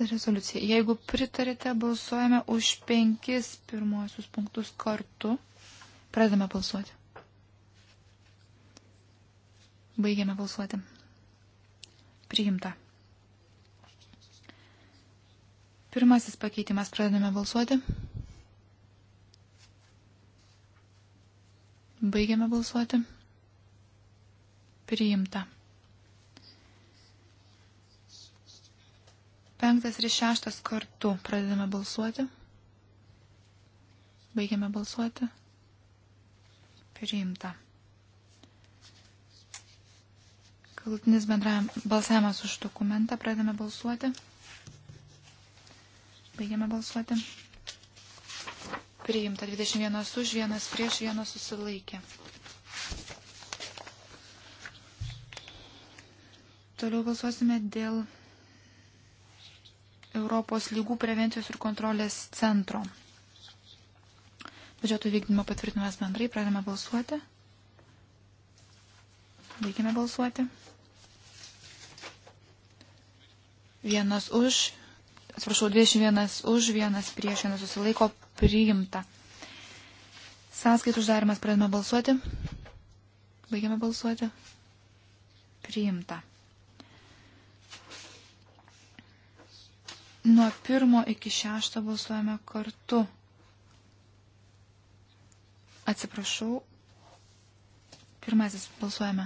S3: rezoliuciją. Jeigu pritarite, balsuojame už penkis pirmosius punktus kartu. Pradame balsuoti. Baigiame balsuoti. Priimta. Pirmasis pakeitimas pradedame balsuoti. Baigiame balsuoti. Priimta. Penktas ir šeštas kartu pradedame balsuoti. Baigiame balsuoti. Priimta. Galutinis balsavimas už dokumentą. Pradedame balsuoti. Baigiame balsuoti. Priimta 21 už, 1 prieš, 1 susilaikė. Toliau balsuosime dėl Europos lygų prevencijos ir kontrolės centro. Biudžeto vykdymo patvirtinimas bendrai, pradėme balsuoti. Baigėme balsuoti. Vienas už, atsiprašau, 21 už, vienas prieš, vienas susilaiko, priimta. Sąskaitų uždarimas pradėme balsuoti. Baigėme balsuoti. Priimta. Nuo pirmo iki šešto balsuojame kartu. Atsiprašau. Pirmasis balsuojame.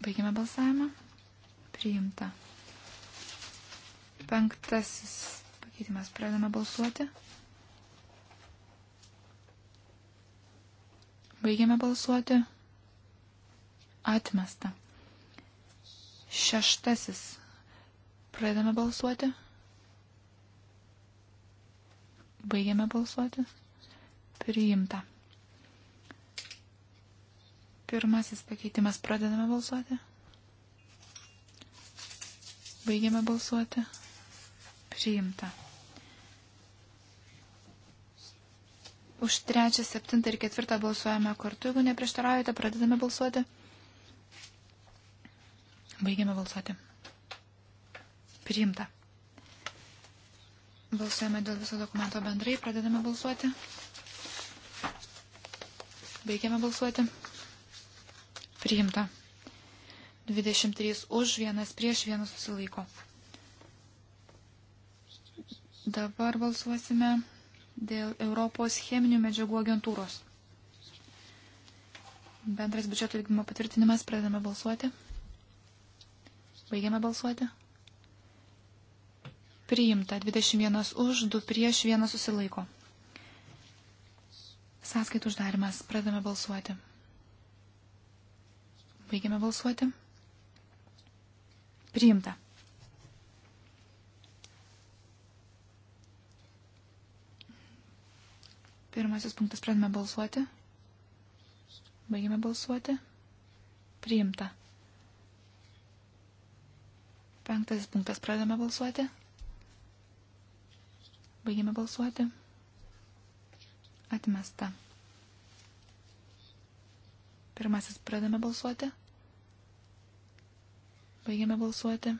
S3: Baigime balsavimą. Priimta. Penktasis pakeitimas. Pradame balsuoti. Baigėme balsuoti. Atmesta. Šeštasis. Pradedame balsuoti. Baigiame balsuoti. Priimta. Pirmasis pakeitimas. Pradedame balsuoti. Baigiame balsuoti. Priimta. Už trečią, septintą ir ketvirtą balsuojame kartu. Jeigu neprieštaraujate, pradedame balsuoti. Baigiame balsuoti. Priimta. Balsuojame dėl viso dokumento bendrai, pradedame balsuoti. Baigiame balsuoti. Priimta. 23 už, vienas prieš, vienas susilaiko. Dabar balsuosime dėl Europos cheminių medžiagų agentūros. Bendras biudžeto vykdymo patvirtinimas, pradedame balsuoti. Baigiame balsuoti. Priimta 21 už, 2 prieš, 1 susilaiko. Sąskaitų uždarimas. Pradame balsuoti. Baigiame balsuoti. Priimta. Pirmasis punktas pradame balsuoti. Baigiame balsuoti. Priimta. Penktasis punktas pradame balsuoti. Baigėme balsuoti. Atmesta. Pirmasis pradame balsuoti. Baigėme balsuoti.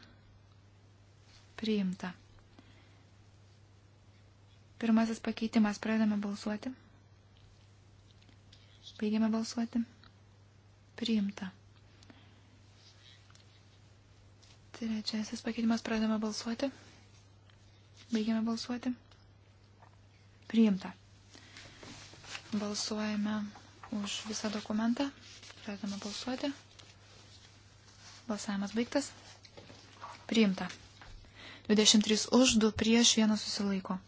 S3: Priimta. Pirmasis pakeitimas pradame balsuoti. Baigėme balsuoti. Priimta. Tai trečiasis pakeitimas pradame balsuoti. Baigiame balsuoti. Priimta. Balsuojame už visą dokumentą. Pradame balsuoti. Balsavimas baigtas. Priimta. 23 už, 2 prieš, 1 susilaiko.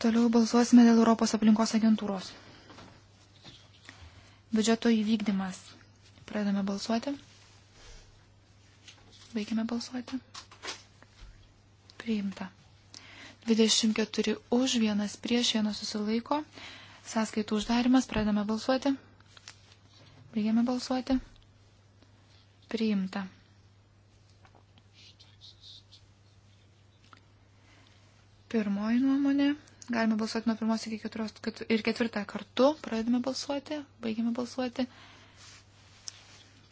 S3: Toliau balsuosime dėl Europos aplinkos agentūros. Biudžeto įvykdymas. Pradedame balsuoti. Baigiame balsuoti. Priimta. 24 už, vienas prieš, vienas susilaiko. Sąskaitų uždarimas, pradedame balsuoti. Baigiame balsuoti. Priimta. Pirmoji nuomonė. Galime balsuoti nuo pirmos iki keturios ir ketvirtą kartu. Pradedame balsuoti, baigiame balsuoti.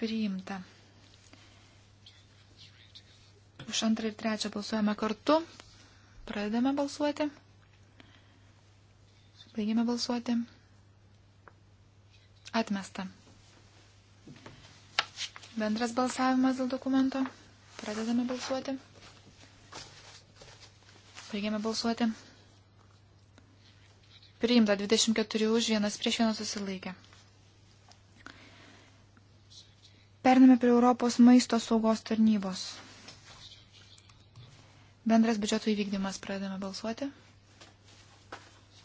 S3: Priimta. Už antrą ir trečią balsuojame kartu. Pradedame balsuoti. Baigėme balsuoti. Atmesta. Bendras balsavimas dėl dokumento. Pradedame balsuoti. Baigėme balsuoti. Priimta 24 už, vienas prieš vieną susilaikė. Pername prie Europos maisto saugos tarnybos. Bendras biudžeto įvykdymas pradedame balsuoti.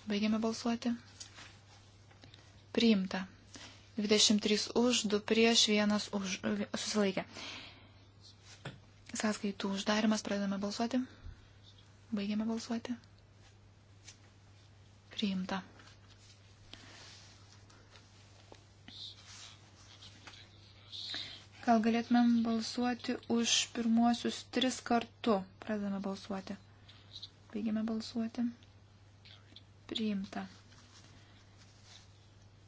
S3: Baigiame balsuoti. Priimta. 23 už, 2 prieš, 1 už, susilaikė. Sąskaitų uždarimas, pradedame balsuoti. Baigiame balsuoti. Priimta. Gal galėtumėm balsuoti už pirmuosius tris kartu. Pradedame balsuoti. Baigiame balsuoti. Priimta.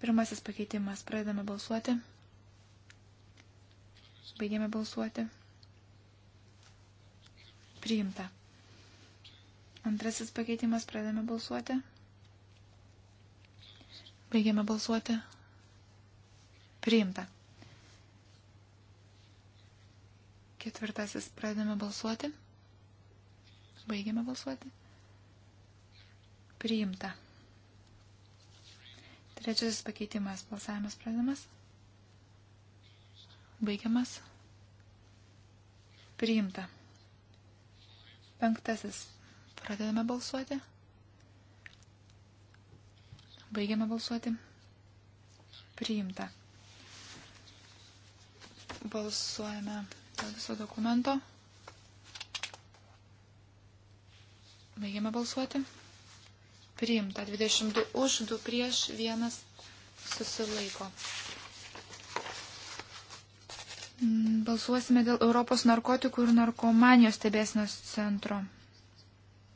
S3: Pirmasis pakeitimas. Pradedame balsuoti. Baigiame balsuoti. Priimta. Antrasis pakeitimas. Pradedame balsuoti. Baigiame balsuoti. Priimta. Ketvirtasis pradedame balsuoti. Baigiame balsuoti. Priimta. Trečiasis pakeitimas. Balsavimas pradedamas. Baigiamas. Priimta. Penktasis. Pradedame balsuoti. Baigiame balsuoti. Priimta. Balsuojame dėl viso dokumento. Baigiame balsuoti. Priimta 22 už, 2 prieš, 1 susilaiko. Mm, balsuosime dėl Europos narkotikų ir narkomanijos stebėsinos centro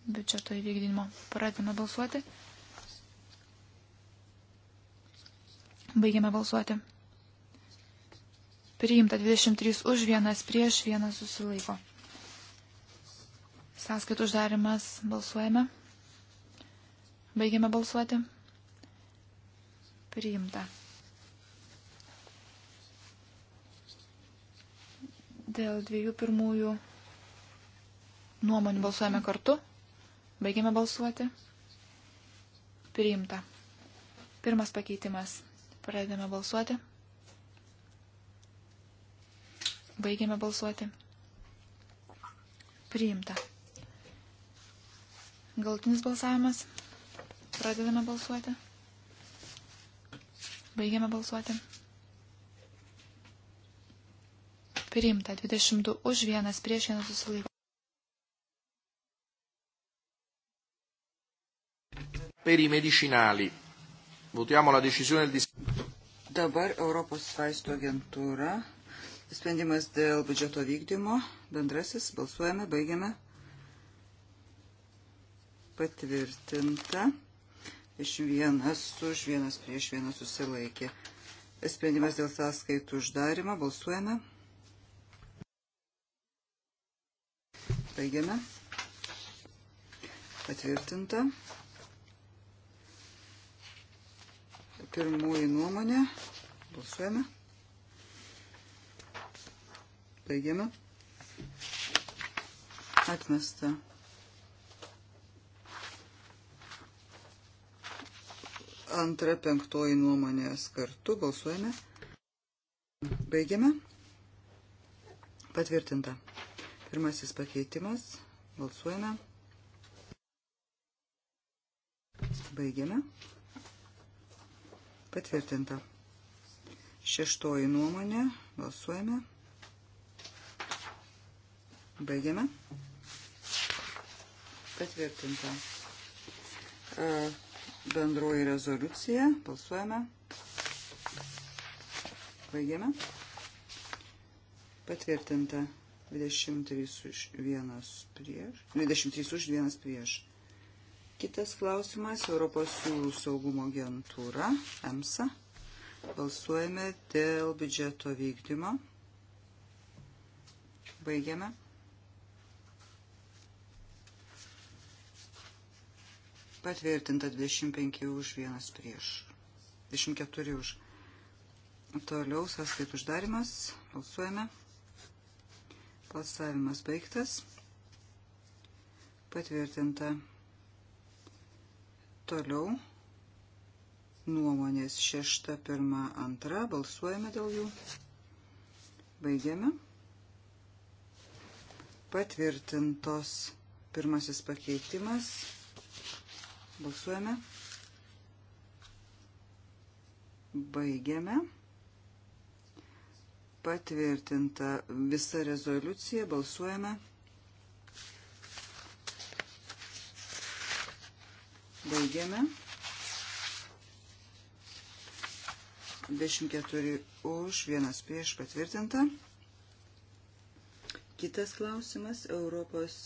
S3: biudžeto įvykdymo. Pradėme balsuoti. Baigiame balsuoti. Priimta 23 už vienas prieš vienas susilaiko. Sąskaitų uždarimas balsuojame. Baigiame balsuoti. Priimta. Dėl dviejų pirmųjų nuomonių balsuojame kartu. Baigiame balsuoti. Priimta. Pirmas pakeitimas. Pradedame balsuoti. Baigiame balsuoti. Priimta. Galtinis balsavimas. Pradedame balsuoti. Baigiame balsuoti. Priimta 22 už vienas prieš vieną susilaiko. Per i medicinali. Votiamo la decisione del
S1: Dabar Europos vaistų agentūra Sprendimas dėl biudžeto vykdymo. Bendrasis. Balsuojame. Baigiame. Patvirtinta. Iš vienas už, vienas prieš, vienas susilaikė. Sprendimas dėl sąskaitų uždarimo. Balsuojame. Baigiame. Patvirtinta. Pirmųjų nuomonė. Balsuojame. Baigiame. Atmesta. Antra penktoji nuomonės kartu. Balsuojame. Baigiame. Patvirtinta. Pirmasis pakeitimas. Balsuojame. Baigiame. Patvirtinta. Šeštoji nuomonė. Balsuojame. Baigiame. Patvirtinta. Bendroji rezoliucija. Balsuojame. Baigiame. Patvirtinta. 23 už 1 prieš. 23 už 1 prieš. Kitas klausimas. Europos jūrų saugumo agentūra. EMSA. Balsuojame dėl biudžeto vykdymo. Baigiame. Patvirtinta 25 už, 1 prieš. 24 už. Toliau sąskaitų uždarimas. Balsuojame. Balsavimas baigtas. Patvirtinta. Toliau nuomonės 6, 1, 2. Balsuojame dėl jų. Baigiame. Patvirtintos pirmasis pakeitimas. Balsuojame. Baigiame. Patvirtinta visa rezoliucija. Balsuojame. Baigiame. 24 už, vienas prieš patvirtinta. Kitas klausimas - Europos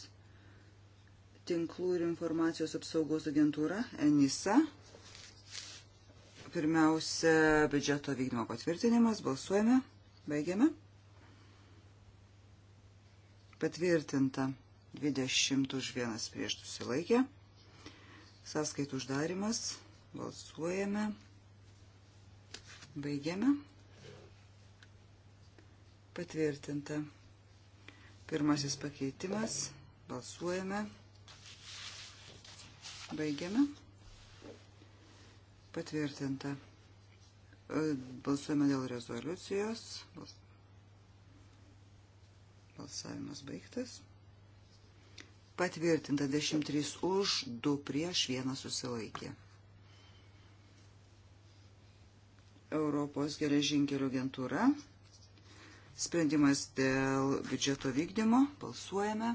S1: tinklų ir informacijos apsaugos agentūra ENISA. Pirmiausia, biudžeto vykdymo patvirtinimas. Balsuojame. Baigiame. Patvirtinta. 20 už 1 prieš susilaikė. Sąskaitų uždarimas. Balsuojame. Baigiame. Patvirtinta. Pirmasis pakeitimas. Balsuojame. Baigiame. Patvirtinta. E, balsuojame dėl rezoliucijos. Balsavimas baigtas. Patvirtinta 13 už, 2 prieš, 1 susilaikė. Europos geležinkelio agentūra. Sprendimas dėl biudžeto vykdymo. Balsuojame.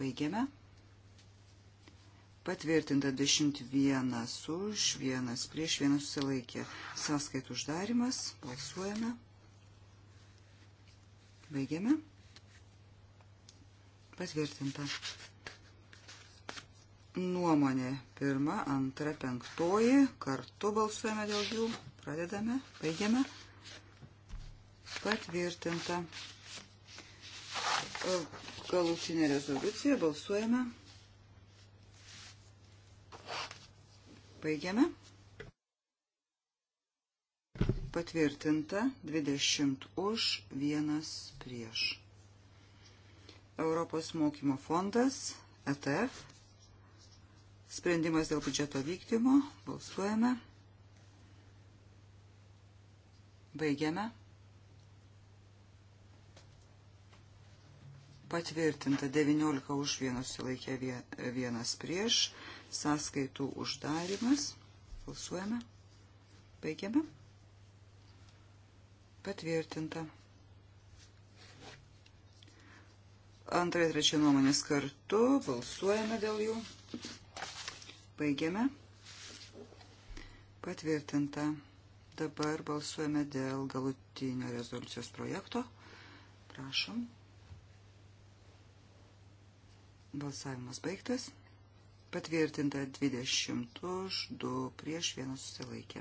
S1: Baigiame. Patvirtinta 21 už, 1 prieš, 1 susilaikė. Sąskaitų uždarimas. Balsuojame. Baigiame. Patvirtinta. Nuomonė pirma, antra, penktoji. Kartu balsuojame dėl jų. Pradedame, baigiame. Patvirtinta. Galutinė rezoliucija. Balsuojame. Baigiame. Patvirtinta 20 už, 1 prieš. Europos mokymo fondas, ETF. Sprendimas dėl biudžeto vykdymo. Balsuojame. Baigiame. Patvirtinta 19 už vienus sulaikė vienas prieš sąskaitų uždarimas. Balsuojame. Baigiame. Patvirtinta. Antra ir trečia nuomonės kartu. Balsuojame dėl jų. Baigiame. Patvirtinta. Dabar balsuojame dėl galutinio rezoliucijos projekto. Prašom. Balsavimas baigtas. Patvirtinta 20 už 2 prieš 1 susilaikė.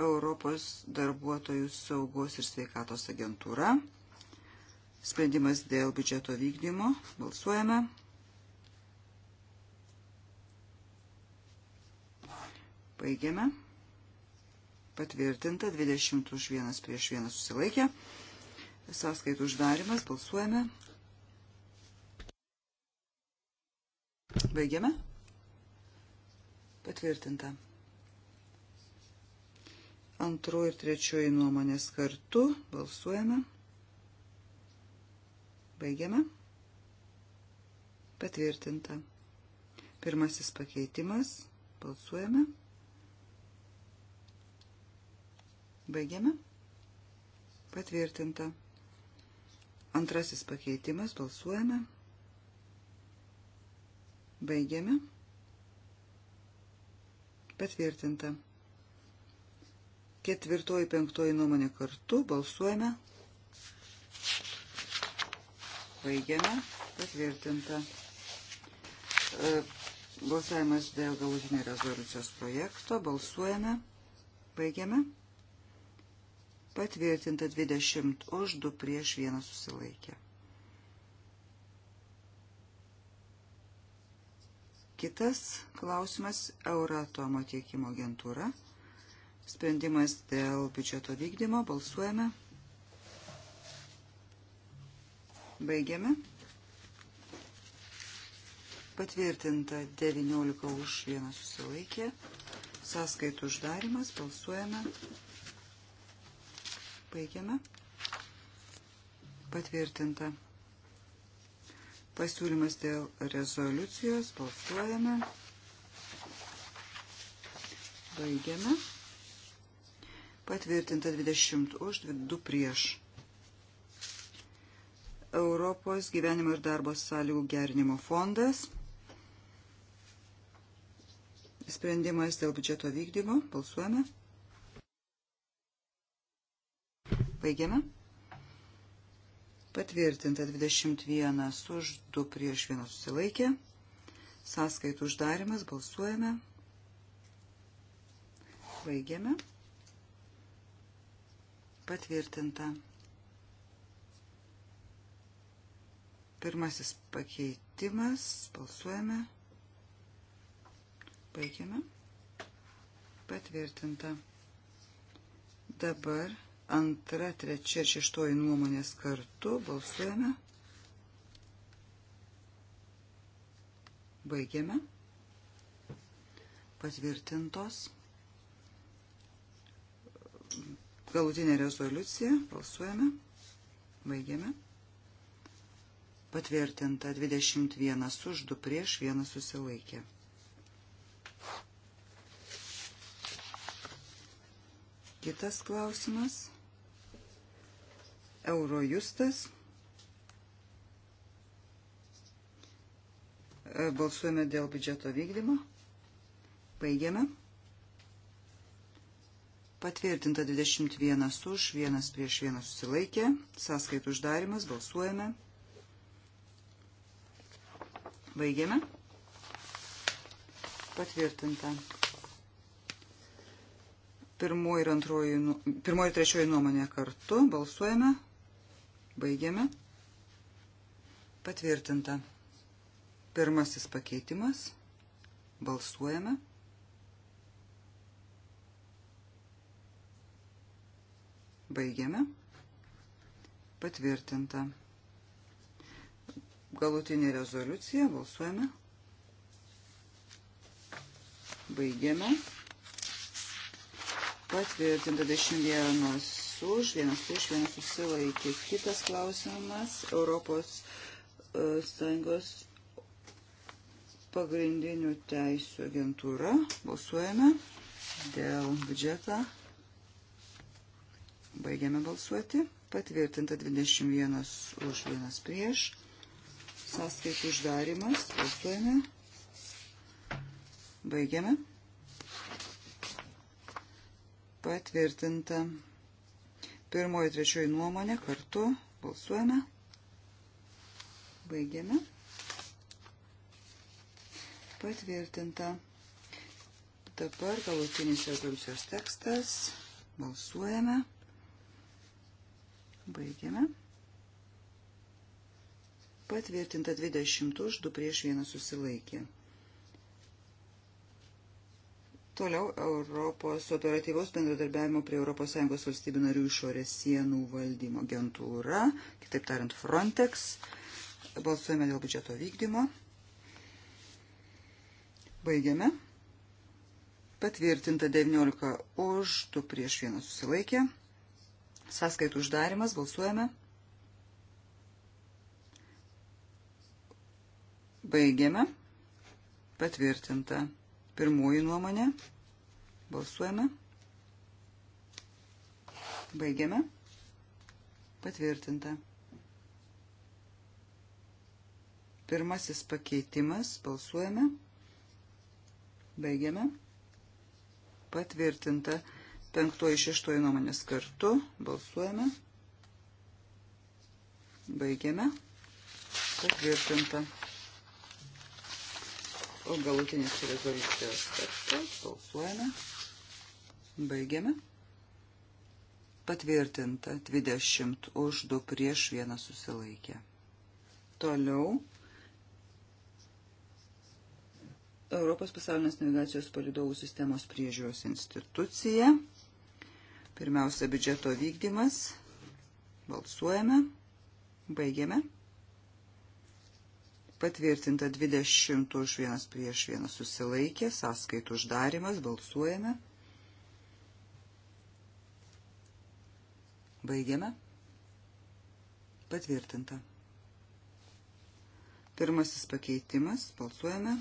S1: Europos darbuotojų saugos ir sveikatos agentūra. Sprendimas dėl biudžeto vykdymo. Balsuojame. Baigiame. Patvirtinta 20 už 1 prieš 1 susilaikė. Sąskaitų uždarimas. Balsuojame. Balsuojame. Baigiame. Patvirtinta. Antroji ir trečioji nuomonės kartu. Balsuojame. Baigiame. Patvirtinta. Pirmasis pakeitimas. Balsuojame. Baigiame. Patvirtinta. Antrasis pakeitimas. Balsuojame. Baigiame. Baigiame. Patvirtinta. Ketvirtoji, penktoji nuomonė kartu. Balsuojame. Baigiame. Patvirtinta. E, balsavimas dėl galutinio rezoliucijos projekto. Balsuojame. Baigiame. Patvirtinta 20 už 2 prieš 1 susilaikė. Kitas klausimas – Euratomo tiekimo agentūra. Sprendimas dėl biudžeto vykdymo. Balsuojame. Baigiame. Patvirtinta 19 už vieną susilaikė. Sąskaitų uždarimas. Balsuojame. Baigiame. Patvirtinta 19. Pasiūlymas dėl rezoliucijos. Balsuojame. Baigiame. Patvirtinta 20 už, 2 prieš. Europos gyvenimo ir darbo sąlygų gerinimo fondas. Sprendimas dėl biudžeto vykdymo. Balsuojame. Baigiame. Patvirtinta 21 už 2 prieš 1 susilaikė. Sąskaitų uždarimas. Balsuojame. Baigiame. Patvirtinta. Pirmasis pakeitimas. Balsuojame. Baigiame. Patvirtinta. Dabar Antra, trečia ir šeštoji nuomonės kartu. Balsuojame. Baigiame. Patvirtintos. Galutinė rezoliucija. Balsuojame. Baigiame. Patvirtinta 21 už 2 prieš 1 susilaikė. Kitas klausimas. Eurojustas. E, balsuojame dėl biudžeto vykdymo. Baigiame. Patvirtinta 21 už, 1 prieš 1 susilaikė. Sąskaitų uždarimas. Balsuojame. Baigiame. Patvirtinta. Pirmoji ir, antroji, nu, pirmoji ir trečioji nuomonė kartu. Balsuojame. Baigiame. Patvirtinta. Pirmasis pakeitimas. Balsuojame. Baigiame. Patvirtinta. Galutinė rezoliucija. Balsuojame. Baigiame patvirtinta 21 už, vienas prieš, vienas susilaikė. Kitas klausimas - Europos e, Sąjungos pagrindinių teisų agentūra. Balsuojame dėl biudžetą. Baigiame balsuoti. Patvirtinta 21 už, vienas prieš. Sąskaitų uždarimas. Balsuojame. Baigiame. Patvirtinta. Pirmoji, trečioji nuomonė kartu. Balsuojame. Baigiame. Patvirtinta. Dabar galutinis rezoliucijos tekstas. Balsuojame. Baigiame. Patvirtinta 20 už 2 prieš 1 susilaikė. Toliau Europos operatyvaus bendradarbiavimo prie ES valstybių narių išorės sienų valdymo agentūra, kitaip tariant Frontex. Balsuojame dėl biudžeto vykdymo. Baigiame. Patvirtinta 19 už, 2 prieš 1 susilaikė. Sąskaitų uždarimas, balsuojame. Baigiame. Patvirtinta. Pirmoji nuomonė. Balsuojame. Baigiame. Patvirtinta. Pirmasis pakeitimas. Balsuojame. Baigiame. Patvirtinta. Penktoji šeštoji nuomonės kartu. Balsuojame. Baigiame. Patvirtinta galutinis rezoliucijos tekstas. Balsuojame. Baigiame. Patvirtinta 20 už 2 prieš 1 susilaikė. Toliau. Europos pasaulinės navigacijos palidovų sistemos priežiūros institucija. Pirmiausia, biudžeto vykdymas. Balsuojame. Baigiame patvirtinta 20 už 1 prieš 1 susilaikė, sąskaitų uždarimas, balsuojame. Baigiame. Patvirtinta. Pirmasis pakeitimas, balsuojame.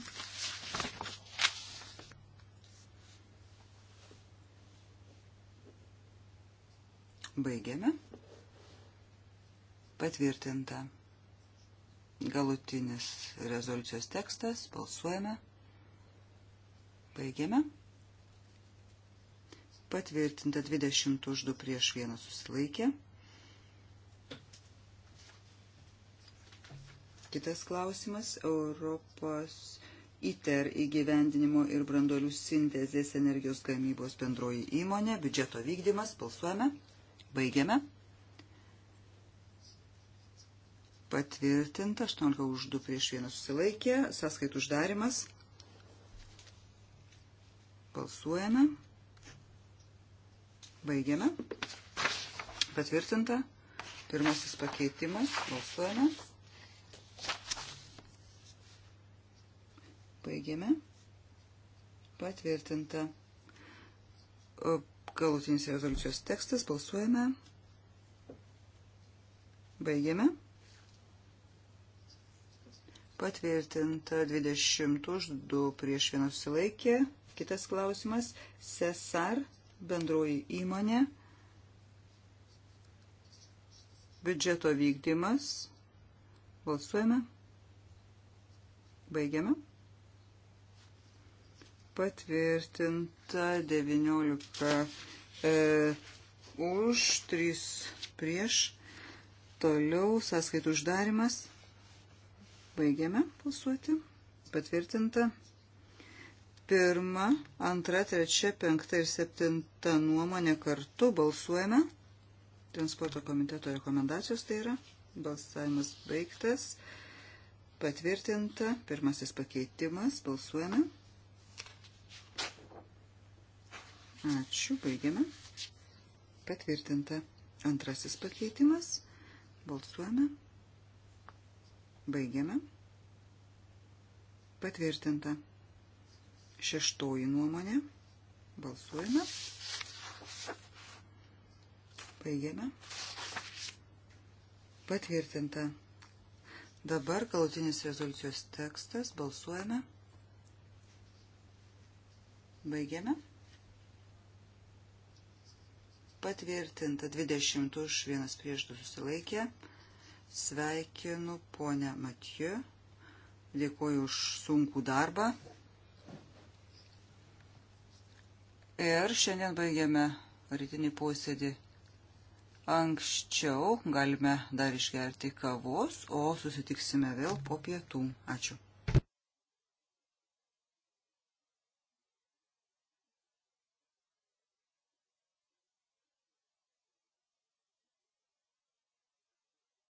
S1: Baigiame. Patvirtinta. Galutinis rezoliucijos tekstas. Balsuojame. Baigiame. Patvirtinta 20 už 2 prieš 1 susilaikė. Kitas klausimas – Europos ITER įgyvendinimo ir brandolių sintezės energijos gamybos bendroji įmonė, biudžeto vykdymas, balsuojame, baigiame. patvirtinta, 18 už 2 prieš 1 susilaikė, sąskaitų uždarimas. Balsuojame. Baigiame. Patvirtinta. Pirmasis pakeitimas. Balsuojame. Baigiame. Patvirtinta. Galutinis rezoliucijos tekstas. Balsuojame. Baigiame. Patvirtinta 20 už 2 prieš 1 susilaikė. Kitas klausimas. Cesar bendroji įmonė. Biudžeto vykdymas. Balsuojame. Baigiame. Patvirtinta 19 e, už 3 prieš. Toliau sąskaitų uždarimas. Baigiame balsuoti. Patvirtinta. Pirma, antra, trečia, penkta ir septinta nuomonė kartu balsuojame. Transporto komiteto rekomendacijos tai yra. Balsavimas baigtas. Patvirtinta. Pirmasis pakeitimas. Balsuojame. Ačiū. Baigiame. Patvirtinta. Antrasis pakeitimas. Balsuojame. Baigiame. Patvirtinta. Šeštoji nuomonė. Balsuojame. Baigiame. Patvirtinta. Dabar galutinis rezoliucijos tekstas. Balsuojame. Baigiame. Patvirtinta 20 už 1 prieš 2 susilaikė. Sveikinu ponę Matiju. Dėkuoju už sunkų darbą. Ir šiandien baigiame rytinį posėdį anksčiau galime dar išgerti kavos, o susitiksime vėl po pietų. Ačiū.